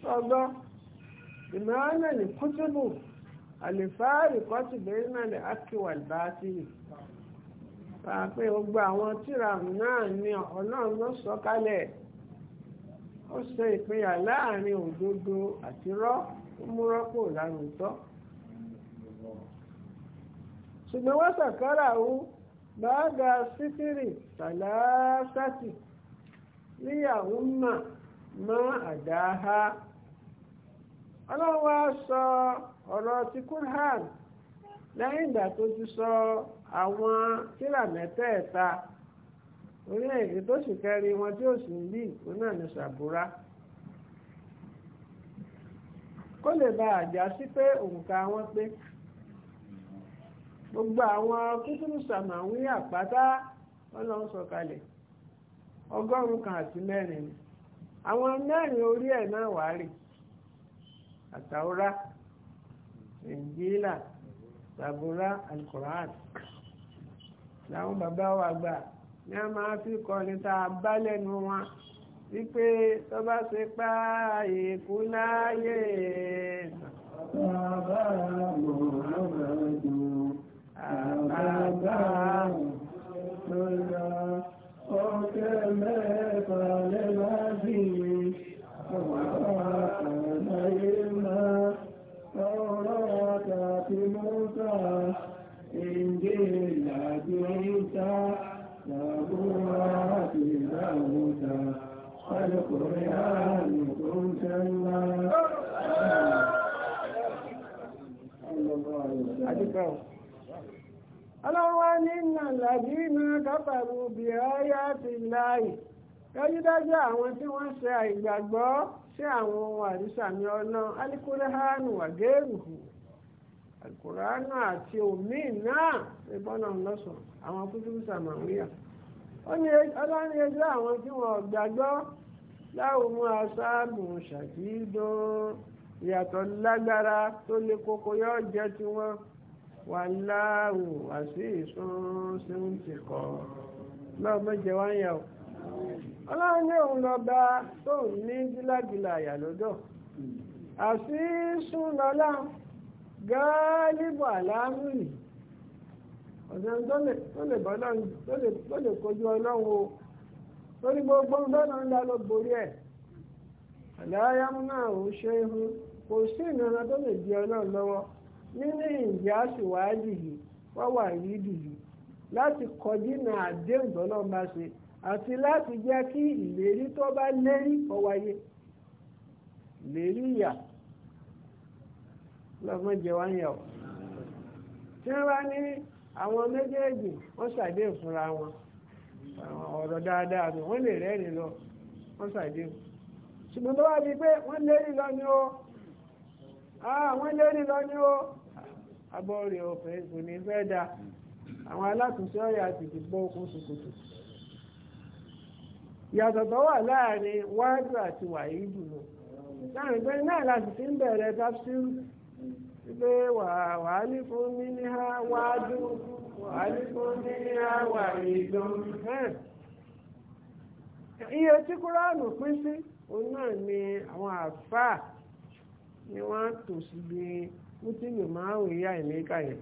sọgbọ́ bìnnáàmà ní kùtùbù àlìfáàrì kọ́tùbẹ̀rẹ̀ náà lè ákíwà bá sí pàápẹ́ gbogbo àwọn tíra náà ni ọlọ́run ló sọ kalẹ̀ ó ṣe ìpínyà láàrin òdodo àti rọ́ ó mú rọ́pò lárùn tọ́ ṣùgbọ́n wọ́n sàkárà ó bàága sífìrì tàlásàtì níyàwó mà má àdáhà ọlọ́run wá sọ ọ̀rọ̀ ti kúrhàn lẹ́yìn ìgbà tó ti sọ ọ́ àwọn tíra mẹ́tẹ̀ẹ̀ta orílẹ̀-èdè tó sì kẹrin wọn tí ó sì ń bí ìpín náà ní ṣàbúrá kó lè bá àjà sí pé òǹkà wọn pé gbogbo àwọn kúkúrú sàmàwí àpáta ọlọ́run sọ̀kalẹ̀ ọgọ́rùn-ún kan àti mẹ́rin àwọn mẹ́rin orí ẹ̀ náà wà rí àtàwọ́rá ìnjílà sàbúrá alukọ̀rán làwọn bàbá wa gbà ní a máa fi kọrin tá a bá lẹ́nu wọn wípé tó bá ṣe pa èkó láàyè. bàbá موسى نبوة إلى موسى قد قرآنكم سلما Ọlọ́wọ́ nínà làbí máa kápàrù bí ọyá ti láì, dájúdájú àwọn tí wọ́n ṣe àìgbàgbọ́ sí àwọn ohun wà alukurana àti omi náà ṣe bọ́nà lọ́sàn àwọn kútùbù sàmàwíyà ó ní ọlọ́run ẹjọ́ àwọn tí wọ́n gbàgbọ́ láwùmú aṣáàbù ṣàkídùn ìyàtọ̀ lágbára tó lè kókó yọ jẹ́ tiwọn wà láàrù àti ìsun sí ń ti kọ́ lọ́ọ́ mẹ́jẹ wá ń yà ó ọlọ́run ní òun lọ bá tóun ní gílágìlà àyà lọ́dọ̀ àti sún lọ́lá gáálíbù àlámùrì ọ̀sẹ̀ tó lè bọ́ lọ́run tó lè kojú ọlọ́run o lórí gbogbo lọ́nà ńlá ló borí ẹ̀ àláyámú náà ò ṣe é hun kò sí ìnira tó lè di ọlọ́run lọ́wọ́ nínú ìjà síwájú yìí wọ́n wà yídì yìí láti kọjú náà àdéhùn tọ́lọ́run bá ṣe àti láti jẹ́ kí ìlérí tó bá lérí kó wáyé ìlérí ìyà lọ́gbọ́n jẹ wá ń yà ọ́ tí wọ́n bá ní àwọn méjèèjì wọ́n ṣàdé fúnra wọn ọ̀rọ̀ dáadáa mi wọ́n lè rẹ́rìn lọ wọ́n ṣàdé ṣùgbọ́n tó bá di pé wọ́n lérí lọ ni ó wọ́n lérí lọ ni ó abọ́rè ọ̀fẹ́ kò ní fẹ́ da àwọn alátúnṣe ọ̀yà ti ti bọ́ okùn ṣòkòtò ìyàtọ̀ tó wà láàrin wáàdù àti wàyí dùn láàrin pé náà láti ti ń bẹ̀rẹ̀ tafsir pé wà á ní fún mi ní ha wá dùn á mi ní ha wà ìdùn. iye tí kúránù pín sí òun náà ni àwọn àfáà ni wọ́n tò síbi mútìlù ya ún ìyá ìmẹ́ka yẹn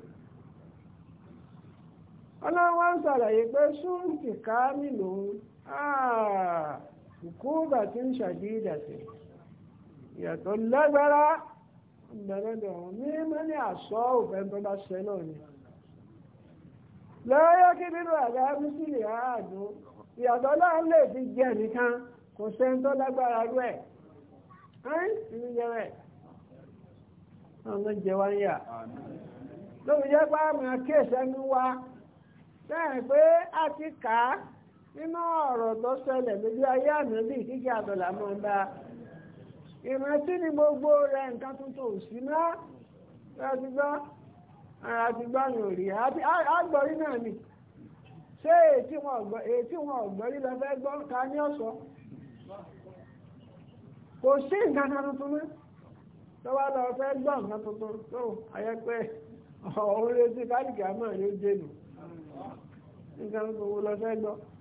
ọlọ́wọ́ ń ṣàlàyé pé ṣúǹtì káàmì lòun ààkùkú bàtí ń ṣàdí ìdàtẹ̀ bẹ̀rẹ̀dọ̀ ní mẹ́ni àṣọ òfẹ́ tó bá ṣẹ náà ni lọ́yọ́ kí nínú àgbà mísìlì àádùn ìyàtọ̀ náà lè fi jẹ nìkan kò sẹ́ni tó lágbára rú ẹ̀ ẹ̀yìn ìjẹ rẹ̀ ọmọ jẹ wá ń yà lórí jẹ́ pé àmì àkíyèsẹ́ ní wá bẹ́ẹ̀ pé a ti kà á nínú ọ̀rọ̀ tó ṣẹlẹ̀ lójú ayé àmì bíi kíkẹ́ àtọ̀là máa ń bá ìrántí ni gbogbo rẹ̀ nǹkan tuntun ò sí mọ́ ẹ̀ẹ́dìgbọ́ àtìgbọ́ ni náà ni ṣé ètí wọn lọ fẹ́ gbọ́ ká ní ọ̀sọ́ kò sí nǹkan kan tuntun lọ fẹ́ gbọ́ nǹkan tuntun tó ayẹ́pẹ́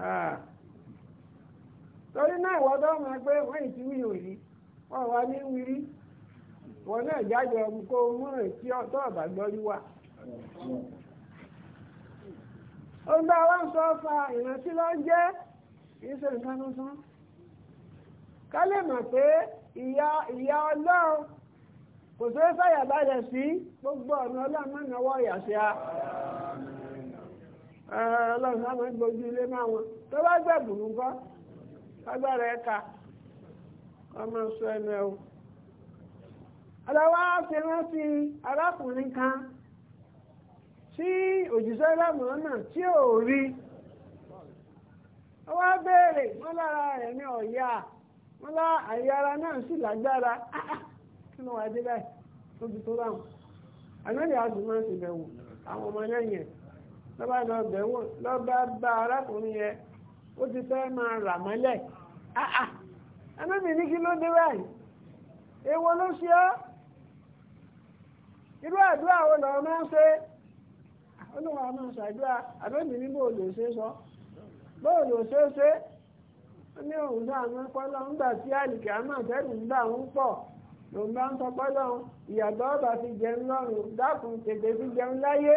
Ah. torí náà ìwọ tó mọ̀ pé wọ́n ì ti wí òrí wọ́n wá ní wírí wọn náà jáde ọmọ kó múràn tí wà. ohun a fa ìrántí ló jẹ́ kì í ṣe nǹkan ká lè mọ̀ pé ìyá ọlọ́run kò tó balẹ̀ sí gbogbo ọ̀nà ọlọ́run ìyàṣẹ́ ọlọ́run sáà máa ń ilé máa wọn tó bá gbẹ̀bùn nǹkan agbára ẹ̀ka ọmọ sọ ẹnu ẹ̀ o. ọlọ́wọ́ kan tí òjíṣẹ́ lámọ̀ọ́nà tí ò rí ó wá béèrè wọ́n lára rẹ̀ ní lá náà sì lágbára ah, ah, kí dé báyìí tó ti tó àná ni a lọ́ba lọ bẹ̀ wọ́n lọ́ba bá arákùnrin yẹn ó ti fẹ́ máa rà mọ́lẹ̀ áà ah, ah. ẹnúbì ní kí ló dé báyìí èwo ló ṣe ọ́ irú àdúrà wo lọ́ọ́ máa ń ṣe olùwà máa ṣàdúrà àbẹ́bí ní bóòlù ṣe sọ bóòlù ṣe ṣe ní òun náà mọ́ pọ́lọ́ ńgbà tí àlìkà máa tẹ́rù ń bà ń pọ̀ lòun bá ń sọ pọ́lọ́ ìyàgbọ́ ọba fi jẹun lọ́rùn dákun tètè fi jẹun láyé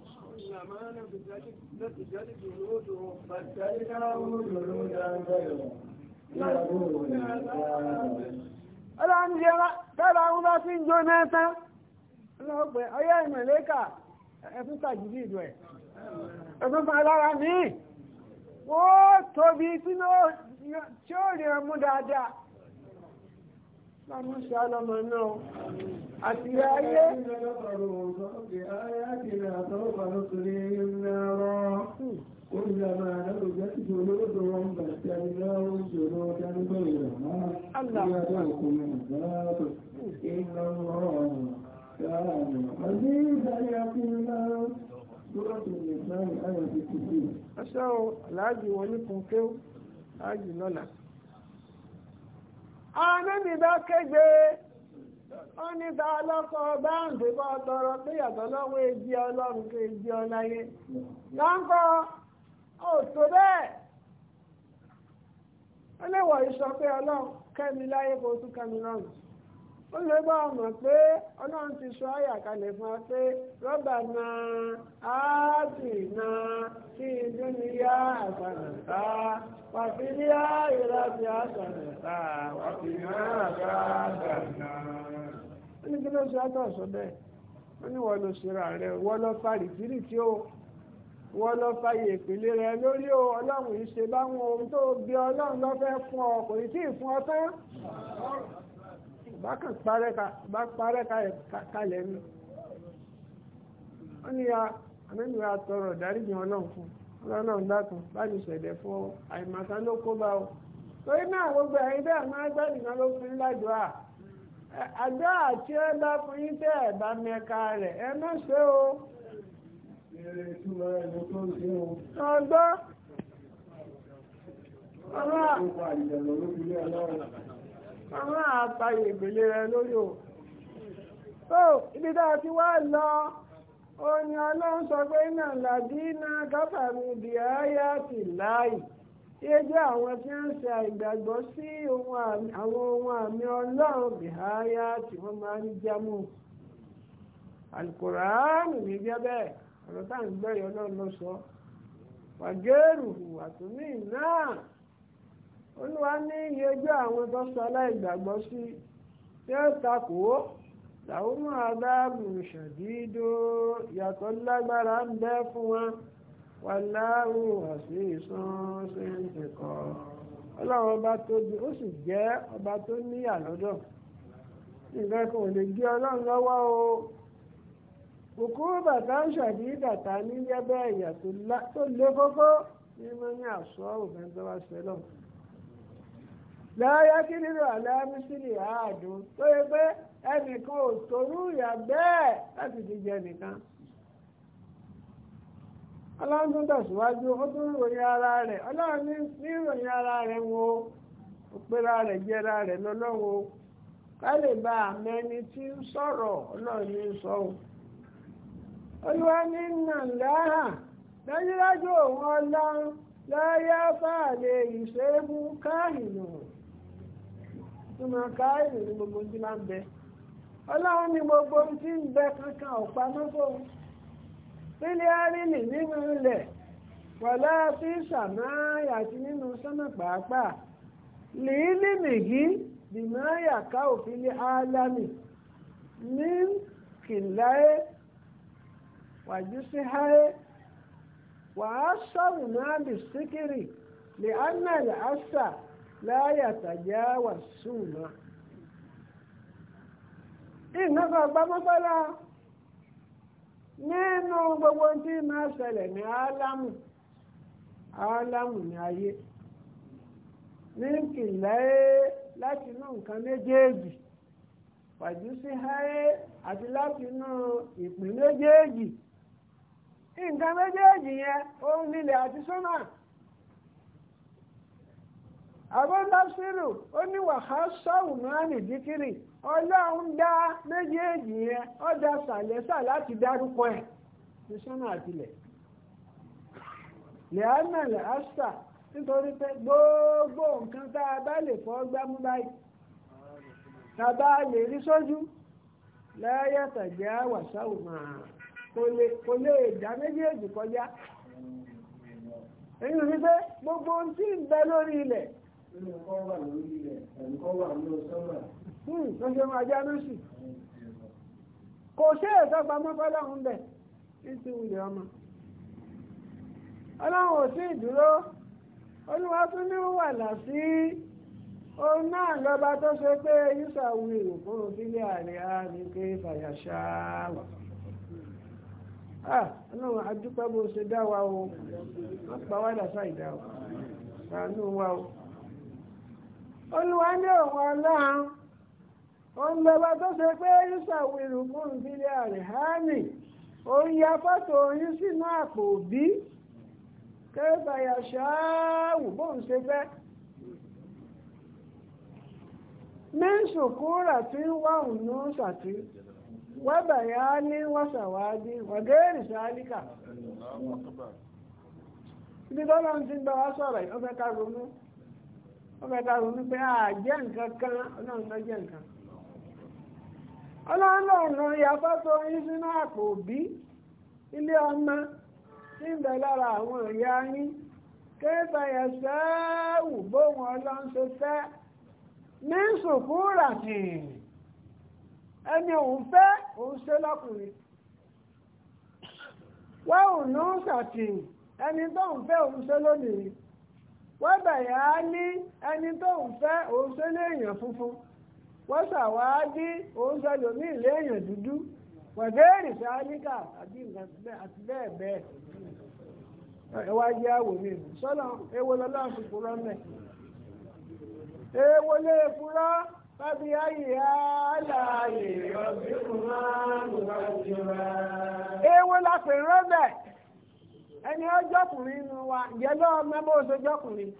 Ọlọ́run jẹ́ tọ́lọ ń bá fi ń jó náà tán, ọlọ́pẹ̀ ọyá ìmọ̀lẹ́kà ẹ̀fún tàjìdì ìlú ẹ̀. Ẹ̀fún fún alára míì, ó tóbi tí ó rí ọmú dáadáa. Láàmú ṣe alọ́mọ náà. Àti ayé. كلما نضجت جلودهم بدلناهم جلودا غيرها ليذوقوا من عذاب إن الله كان عزيزا يقينا سورة النساء آية 60 أشاء العاجي وليكم كيو عاجي لنا ọ̀nẹ́mi bá kéde ó ní ta ọlọ́kọ̀ báńkì bá tọrọ pé yàtọ̀ lọ́wọ́ èjì ọlọ́run kò otu ọláyé lọ́ńkọ́ ó tó bẹ́ẹ̀ ó léwọ̀ ọlọ́run kẹ́mi láyé tún kẹ́mi ó lè bá ọ mọ̀ pé ọlọ́run ti sọ àyà kalẹ̀ fún wa pé rọ́bà náà áàbì náà kí ìlú ni yá ta, wàfi ní àìlà bí àgbàlùfà wàfi ní àgbà àgbàlùfà. ó ní kí ló ṣe àtọ̀ sọ bẹ́ẹ̀ ó ní wọ́n lọ ṣera rẹ̀ wọ́n lọ fa rìkìrì tí ó wọ́n lọ fa ìpele rẹ lórí o ọlọ́run yìí ṣe ohun tó gbé ọlọ́run lọ́fẹ́ fún ọ kò ì tí ì fún ọ tán. bá kàn parẹ́ kalẹ̀ wọ́n ni ya amẹ́nuwa tọrọ ìdáríjì ọlọ́run fún ọlọ́run dákun bá ní ṣẹ̀dẹ̀ fún ló kó bá ọ torí àwọn gbogbo ẹ̀yin bẹ́ẹ̀ máa gbẹ́dì kan ló fún àwọn àtàyè ìgbèlè rẹ lórí o tó ibi tá a ti wá lọ oní ọlọ́run sọ pé náà làdínà gáfàmì bìáyà ti láì yé jẹ́ àwọn tí ń ṣe àìgbàgbọ́ sí àwọn ohun àmì ọlọ́run bìáyà tí wọ́n máa ń jámù alukóraánì ní jẹ́ ọ̀rọ̀ táà ń náà lọ sọ wàgẹ́rù àtúnmí náà. olúwa ní iye ọjọ́ àwọn tó sọ aláìgbàgbọ́ sí yóò takò ó làwọn mú adáàbò ṣàdídó yàtọ̀ lágbára ń bẹ fún wọn wà láàrú àti ìsan ṣéǹtì kan ọlọ́run ọba tóbi ó sì jẹ́ ọba tó níyà lọ́dọ̀ nǹkan kan ò lè gbé ọlọ́run lọ́wọ́ o kòkó bàtà ń ṣàdídà ní yẹ́bẹ́ ìyà tó lé kókó ní mọ́ ní àṣọ òfin tó bá ṣẹlọ́run. lọ́yọ́ kí nínú àlàmísìlì àádùn tó yẹ pé ẹnìkan ò torú ìyà bẹ́ẹ̀ láti fi jẹ nìkan. ọlọ́run tún tẹ̀síwájú ó tún ròyìn ara rẹ̀ ọlọ́run ní ròyìn ara rẹ̀ wo òpera rẹ̀ jẹ́ra rẹ̀ lọ́lọ́wọ́ bá àmẹ́ni tí ń sọ̀rọ̀ ọlọ́run ní sọ olúwa ní dájúdájú òun ọlọ́run lọ́yọ́ fàlẹ́ ìṣẹ́gun ìtumọ̀ káàrì ní gbogbo tí máa ń bẹ ọlọ́run ní gbogbo tí ń bẹ kankan ọ̀pá mọ́tò sílẹ̀ àrínì nínú ilẹ̀ pọ̀lá tí sàmáyà àti nínú sọ́nà pàápàá lìílì nìyí bìmáyà ká òfin álámì ní kìláyé wàjúsíháyé wàá sọ̀rọ̀ náà bìsíkìrì lè ánà lè ásà. láyà tàjá wà súnmọ́ nǹkan kan nínú gbogbo tí máa ṣẹlẹ̀ ní álámù álámù ní ayé ní kìlẹ̀ láti inú nǹkan méjèèjì pàjú sí háyé àti láti inú eji. méjèèjì nǹkan méjèèjì yẹn òun nílẹ̀ àbọ̀dásírù ó ní wàhásọ́ọ̀hún náà nìdíkírì ọlọ́run dá méjèèjì yẹn ó dá sàlẹ́sà láti dárúkọ ẹ̀ ní sọ́nà àtìlẹ̀ lẹ́ánà lẹ́ásà nítorí pé gbogbo nǹkan tá a bá lè fọ́ gbámú báyìí tá lè rí sójú lẹ́yẹ tàjẹ́ wàsáwò máa lè rí pé gbogbo ohun tí ń bẹ nínú lórí ilẹ̀ kọ́ wà ní máa hmm, jẹ́ anúṣì kò ṣe ìtọ́gba mọ́fọ́lọ́hún ọlọ́run ò sí ìdúró wà òun náà lọ́ba tó ṣe pé yíṣà wu ìròkúrò sílé ààrẹ ààrẹ pé fàyàṣà wà bó ṣe o wọ́n olúwa ní òun tó ṣe pé yíṣàwìrì fún ìbílẹ̀ àríhánì òun ya fọ́tò oyún sínú àpò òbí kẹ́rẹ́bàyà ṣááwù bóun ṣe fẹ́ mẹ́sùn kúrà tí ń wá òun ní ṣàtì wábàyà ní wàṣàwádìí wàgẹ́rì sáálíkà ibi tó lọ́n ti ń bá sọ̀rọ̀ ìfẹ́ ó fẹ́ ká ronú pé àjẹ́ ah, nǹkan kan ọlọ́run tó jẹ́ nǹkan ọlọ́run lòun lòun yàtọ̀ tó yín sínú àpò òbí ilé ọmọ tí ń bẹ lára àwọn ìyá yín kéèfà ẹ̀sẹ̀ wù bóun ọlọ́run ṣe fẹ́ ní sùkú ràtì ẹni òun fẹ́ òun ṣe lọ́kùnrin wọ́n ò ní sàtì ẹni tó ń fẹ́ òun ṣe lónìí wọ́n bẹ̀yà á ní ẹni tó ń fẹ́ òun léèyàn funfun wọ́n ṣàwádí dí ṣe lòmíì léèyàn dúdú wọ̀gẹ́rì sáníkà àti bẹ́ẹ̀ bẹ́ẹ̀ àwò mi sọ́nà ewo lọ́lá fi kúrọ́ mẹ́ ewo lè kúrọ́ fábí ayé aláàyè ọ̀bí ẹni ọjọ́kùnrin inú wa ìyẹ́lọ́ mẹ́bọ́ oṣojọ́kùnrin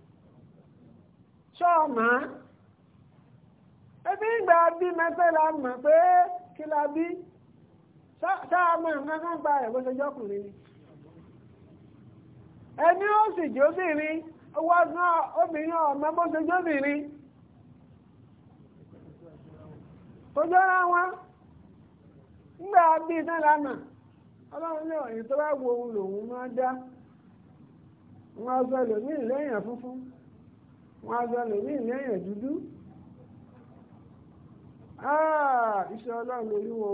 ṣọ́ọ̀mà ebi ìgbà bí mẹ́fẹ́ la mọ̀ pé kí la bí sáàmù nǹkan gba ẹ̀ oṣojọ́kùnrin ni ẹni ó sì jóbìnrin owó ọdún obìnrin ọmọ bó tó wọn nígbà bí ìtàn ọlọ́run náà èyí tó bá wo ohun lòun máa dá wọn aṣọ ẹlòmíì lẹ́yìn funfun wọn aṣọ ẹlòmíì lẹ́yìn dúdú ah, iṣẹ́ ọlọ́run lórí wo.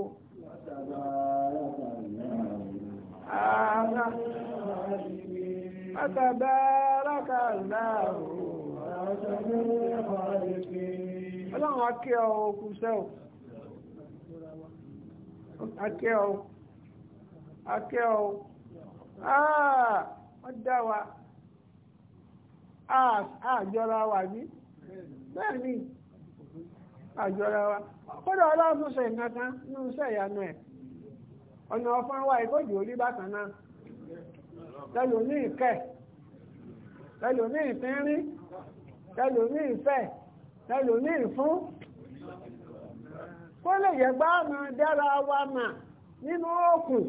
Àtàbáràkà láàrú. Ọlọ́run akẹ́ ọ kú sẹ́wọ̀. Akẹ́ ọ akẹ́ ọ ah, wọ́n dá wa àjọra ah, ah, wà ní bẹ́ẹ̀ ni àjọra wa kódà ọlọ́run sọ ìkan kan ní iṣẹ́ ìyanu ẹ̀ ọ̀nà ọ̀fán wa ìkójì orí bákan náà tẹ́lò ní ìkẹ́ tẹ́lò ní ìpínrín tẹ́lò ní ìfẹ́ tẹ́lò ní ìfún kó lè yẹ ọ̀nà dára wa mà nínú òkun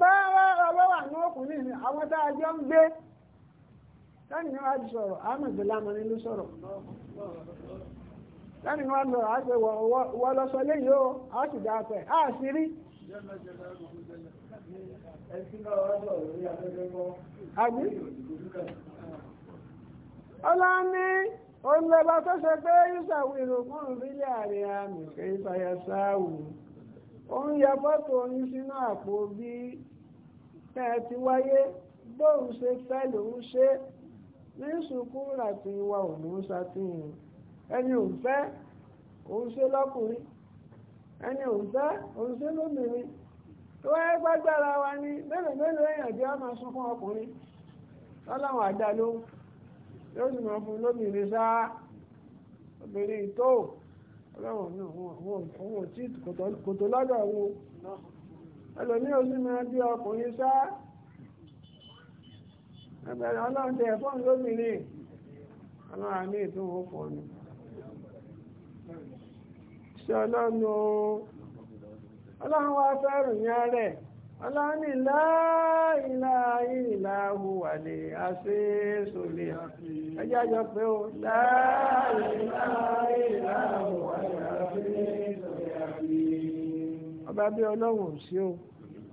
báwa ọlọ́wà ní ọkùnrin ni àwọn tá a jọ ń gbé lẹ́yìn náà ti sọ̀rọ̀ ahmed lamani ló sọ̀rọ̀ lẹ́yìn náà lọ àti wọ lọ́sọ léyìí ó a sì dá pẹ̀ a sì rí. àbí ọlọ́ni òun lọ́ba tó ṣe pé yíṣàwìrò fún ìbílẹ̀ àríyá mi kì í fàyà sáà wù ú òun ya fọ́tò oyin sínú àpò bí ẹ ti wáyé bóun ṣe fẹ́ lòun ṣe ní sùkúrà tí wa òun ṣàtìyàn ẹni òun fẹ́ òun ṣe lọ́kùnrin ẹni òun fẹ́ òun ṣe lóbìnrin tó wáyé gbágbára wa ní mélòó mélòó èèyàn jẹ́ ọmọ sún fún ọkùnrin lọ́láwọn àdá ló yóò sì máa fún lóbìnrin sáá obìnrin tó àwọn òtí kòtò lọ́dọ̀ wo ẹlòmí ò sí máa bí ọkùnrin sá ẹgbẹ̀rún ọlọ́run tẹ ẹ̀fọ́n lómìnir àwọn àmì ìtún ó fọ́ ni ṣe ọlọ́run o ọlọ́run wá fẹ́ràn yẹn rẹ̀ ọlọ́ni láìláì ìlàhù wàlẹ̀ àṣẹ́sọ̀lẹ̀ ẹjẹ́ àjọ pé ó láìláì ìlàhù wàlẹ̀ àṣẹ́sọ̀lẹ̀ ọba bí ọlọ́run sí o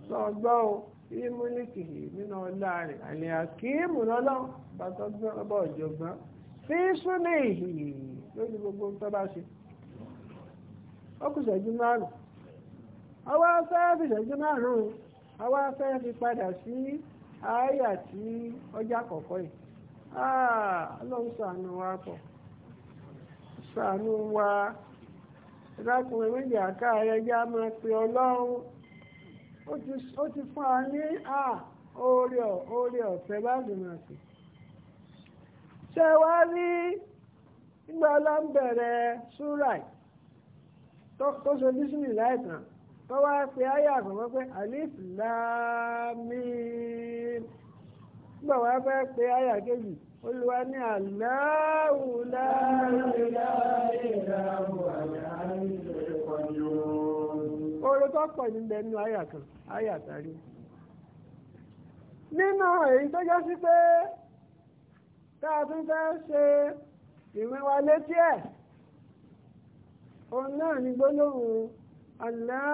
sọ gbọ́ o yí múlíkì nínú ọlá rẹ̀ àlẹ́ àkíyèmù lọ́lọ́run bàtọ́ gbọ́ ọba ọ̀jọ̀gbọ́n fi súnlẹ̀ ìhìyè lórí gbogbo tó bá ṣe ó kù ṣẹ́jú márùn-ún ọwọ́ sáà ṣẹ́jú márùn-ún àwa fẹ́ fi padà sí àáyà tí ọjà kọ̀ọ̀kọ́ yìí ah, ọlọ́run ṣàánú wa pọ̀ ṣàánú wa ìdákùnrin méjì àká ẹja máa pe ọlọ́run ó ti fún wa ní ah, oore ọ̀fẹ́ báàgì máa pè ṣé wá rí nígbà ọlọ́run bẹ̀rẹ̀ súráì tó ṣe bísí nìláìtàn. tó wá ayé pé alif nígbà wá fẹ́ pe ayé àkejì olùwà ní Allahu la tó pọ̀ níbẹ̀ nínú ayé ayé àtàrí nínú èyí tó jẹ́ sí pé tá a tún fẹ́ ṣe ìwé ala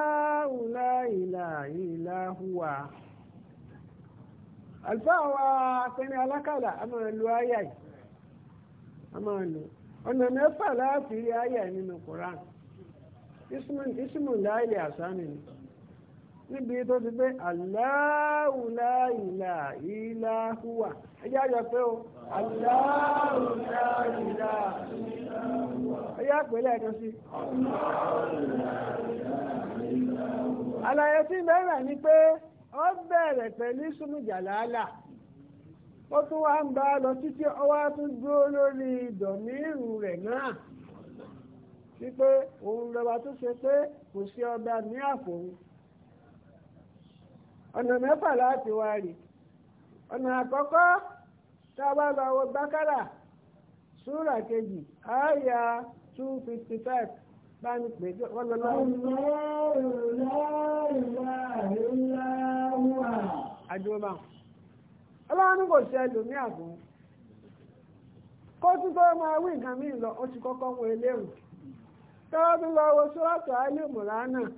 ụlọ anyị la anyị la huwa ebe awa alakala ama lu ayai ama lu ọnọdụ afọ alaghi ayai n'ime kwuraan ismo ismo ndị alia azam ni. níbi tó ti pé Allahu la ilaha illa huwa ẹjẹ́ pé o Allahu la ilaha illa huwa ẹjẹ́ ẹ̀kan sí. àlàyé tí bẹ́ẹ̀rẹ̀ ni pé ó bẹ̀rẹ̀ pẹ̀lú súnmù jàlálà ó tún wá ń bá lọ títí ọwá tún dúró lórí ìdọ̀míìrù rẹ̀ náà wípé òun lọba tó ṣe pé kò sí ọba ní àfòun ọ̀nà mẹ́fà láti wá rí ọ̀nà àkọ́kọ́ tá gbákàrà súrà kejì àáyá two fifty pé wọ́n àjọba ọlọ́run kò ṣe ẹlòmíì àbò kó tún tó máa wí nǹkan míì kọ́kọ́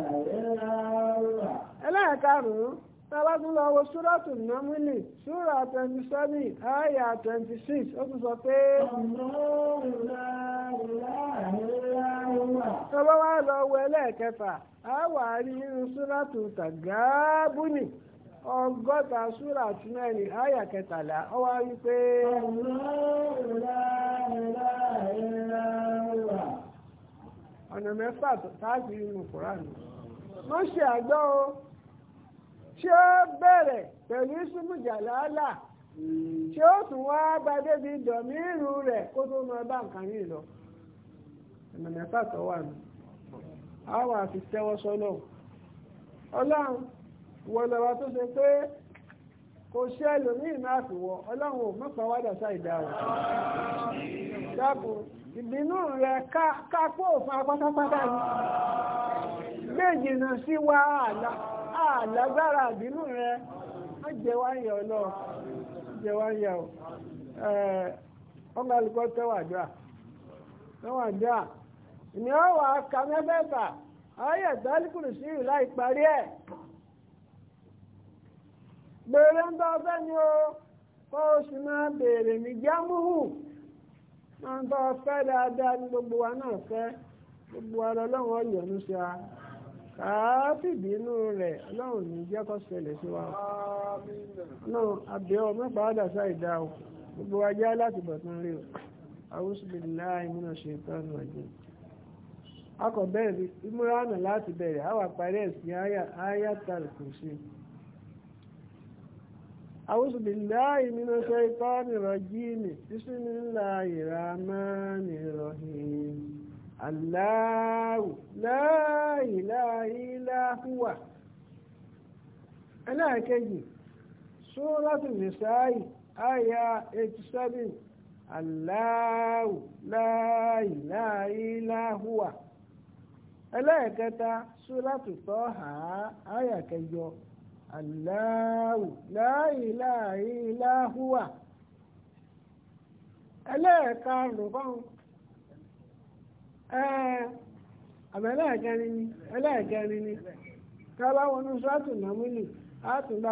ẹlẹ́ẹ̀karùn-ún tábà tún lọ wo ṣúrọ́tù námúlì ṣúrà twenty seven àyà twenty six sọ pé. tọ́lọ́ lọ ẹlẹ́ẹ̀kẹfà wà rí irun ọgọ́ta kẹtàlá wá rí pé. ọ̀nà mẹ́fà kúránù. ṣe o. tí ó bẹ̀rẹ̀ pẹ̀lú ismu jalala tí ó tún wá bá débi dọ̀míìrù rẹ̀ kó tó máa bá nǹkan yìí lọ ìmọ̀nà pàtó wà ní àwọn àti tẹ́wọ́ sọ́nà ọlọ́run wọlọ́wọ́ tó ṣe pé kò ṣe ẹlòmíì náà fi wọ ọlọ́run ò mọ́pàá wádà sáì dára dákun ìbínú rẹ̀ kápó kó òfin apátápátá ní méjì náà sí wàhálà. àlágbára ah, àbínú rẹ wọ́n jẹ wá ń ọ lọ jẹ wá eh, ń ọ ọmọ alùpùpù ayé sí ìlà ìparí ẹ̀ bèèrè ń bá ọfẹ́ ni ó oṣù bèèrè ní jámúhù máa ń bá dáadáa ní gbogbo wa náà gbogbo wa a. rẹ̀ ọlọ́run ní jẹ́ kó sí wa náà àbẹ̀ ọmọ pàádà sáìdá o gbogbo wa láti bọ̀tún rí o àwùsùlùmíláì múnà ṣe ìtọ́nù ọ̀jẹ́ akọ̀ ìmúra ọ̀nà láti bẹ̀rẹ̀ àwà parí ẹ̀sìn ayatal kò sí àwùsùlùmíláì múnà ṣe ìtọ́nù ọ̀jẹ́ Allahu la ilaha illa huwa ẹlẹ́ẹ̀kejì sóràtù nìsáì àyà 87 Allahu la ilaha illa huwa ẹlẹ́ẹ̀kẹta sóràtù tọ́hà àyà kẹjọ Allahu la ilaha illa huwa ẹlẹ́ẹ̀karùn-ún Ah, àmì ẹlẹ́ẹ̀kẹrin ni ẹlẹ́ẹ̀kẹrin ni kálá wọn ní sọ́ọ̀tù nàmúlì á tún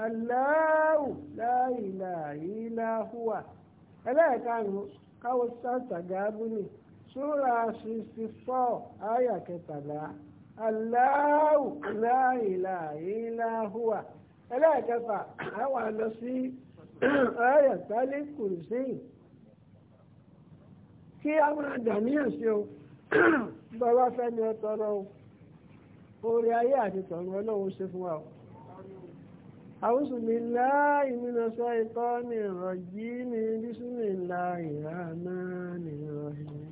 Allahu la ilaha illa huwa ẹlẹ́ẹ̀karùn-ún káwọ́ sọ́ọ̀tù àgábùnì súra kẹtàlá Allahu sí kí a máa dàníyàn sí o bàbá fẹ́ ni ọ tọrọ o orí ayé àti tọ̀run ọlọ́run ṣe fún wa o àwùsù mi láì nínú sọ ikọ́ ní ìrọ̀jí ní bísúmì láì ràánà ní ìrọ̀jí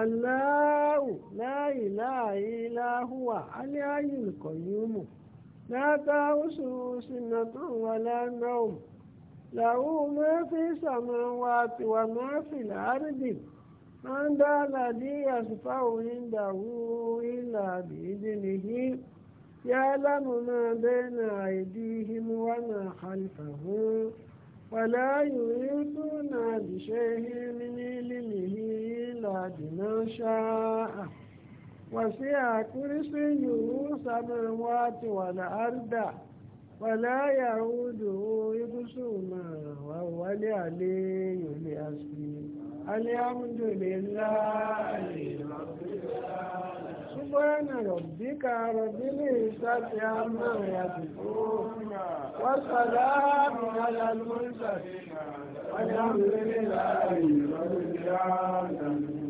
aláwù láì láì láhùwà aláyù kọ̀yúmù látàwùsù sínú tó wà lánàá láwù mẹ́fì sàmọ́wà tiwà mẹ́fì láàrídìí máa ń dá àlàdí àṣùfà òní ìdàwó ìlà àbíyídé nìyí yá lámùnà bẹ́ẹ̀nà àìdí himuwánà àlìfàhún wàlá yòóyé túnà àdìṣẹ́ hímí nílì nìyí ìlà àdìná ṣáà wàsí àkúrísí yòówù sàmúwàtì wàlá àrùdà wàlá yàrá òdò ìbùsùn náà wà wálé àlẹ́ yòlẹ́ àṣìí. الحمد لله سبحان ربك رب العزة عما يصفون والسلام على المرسلين والحمد لله رب العالمين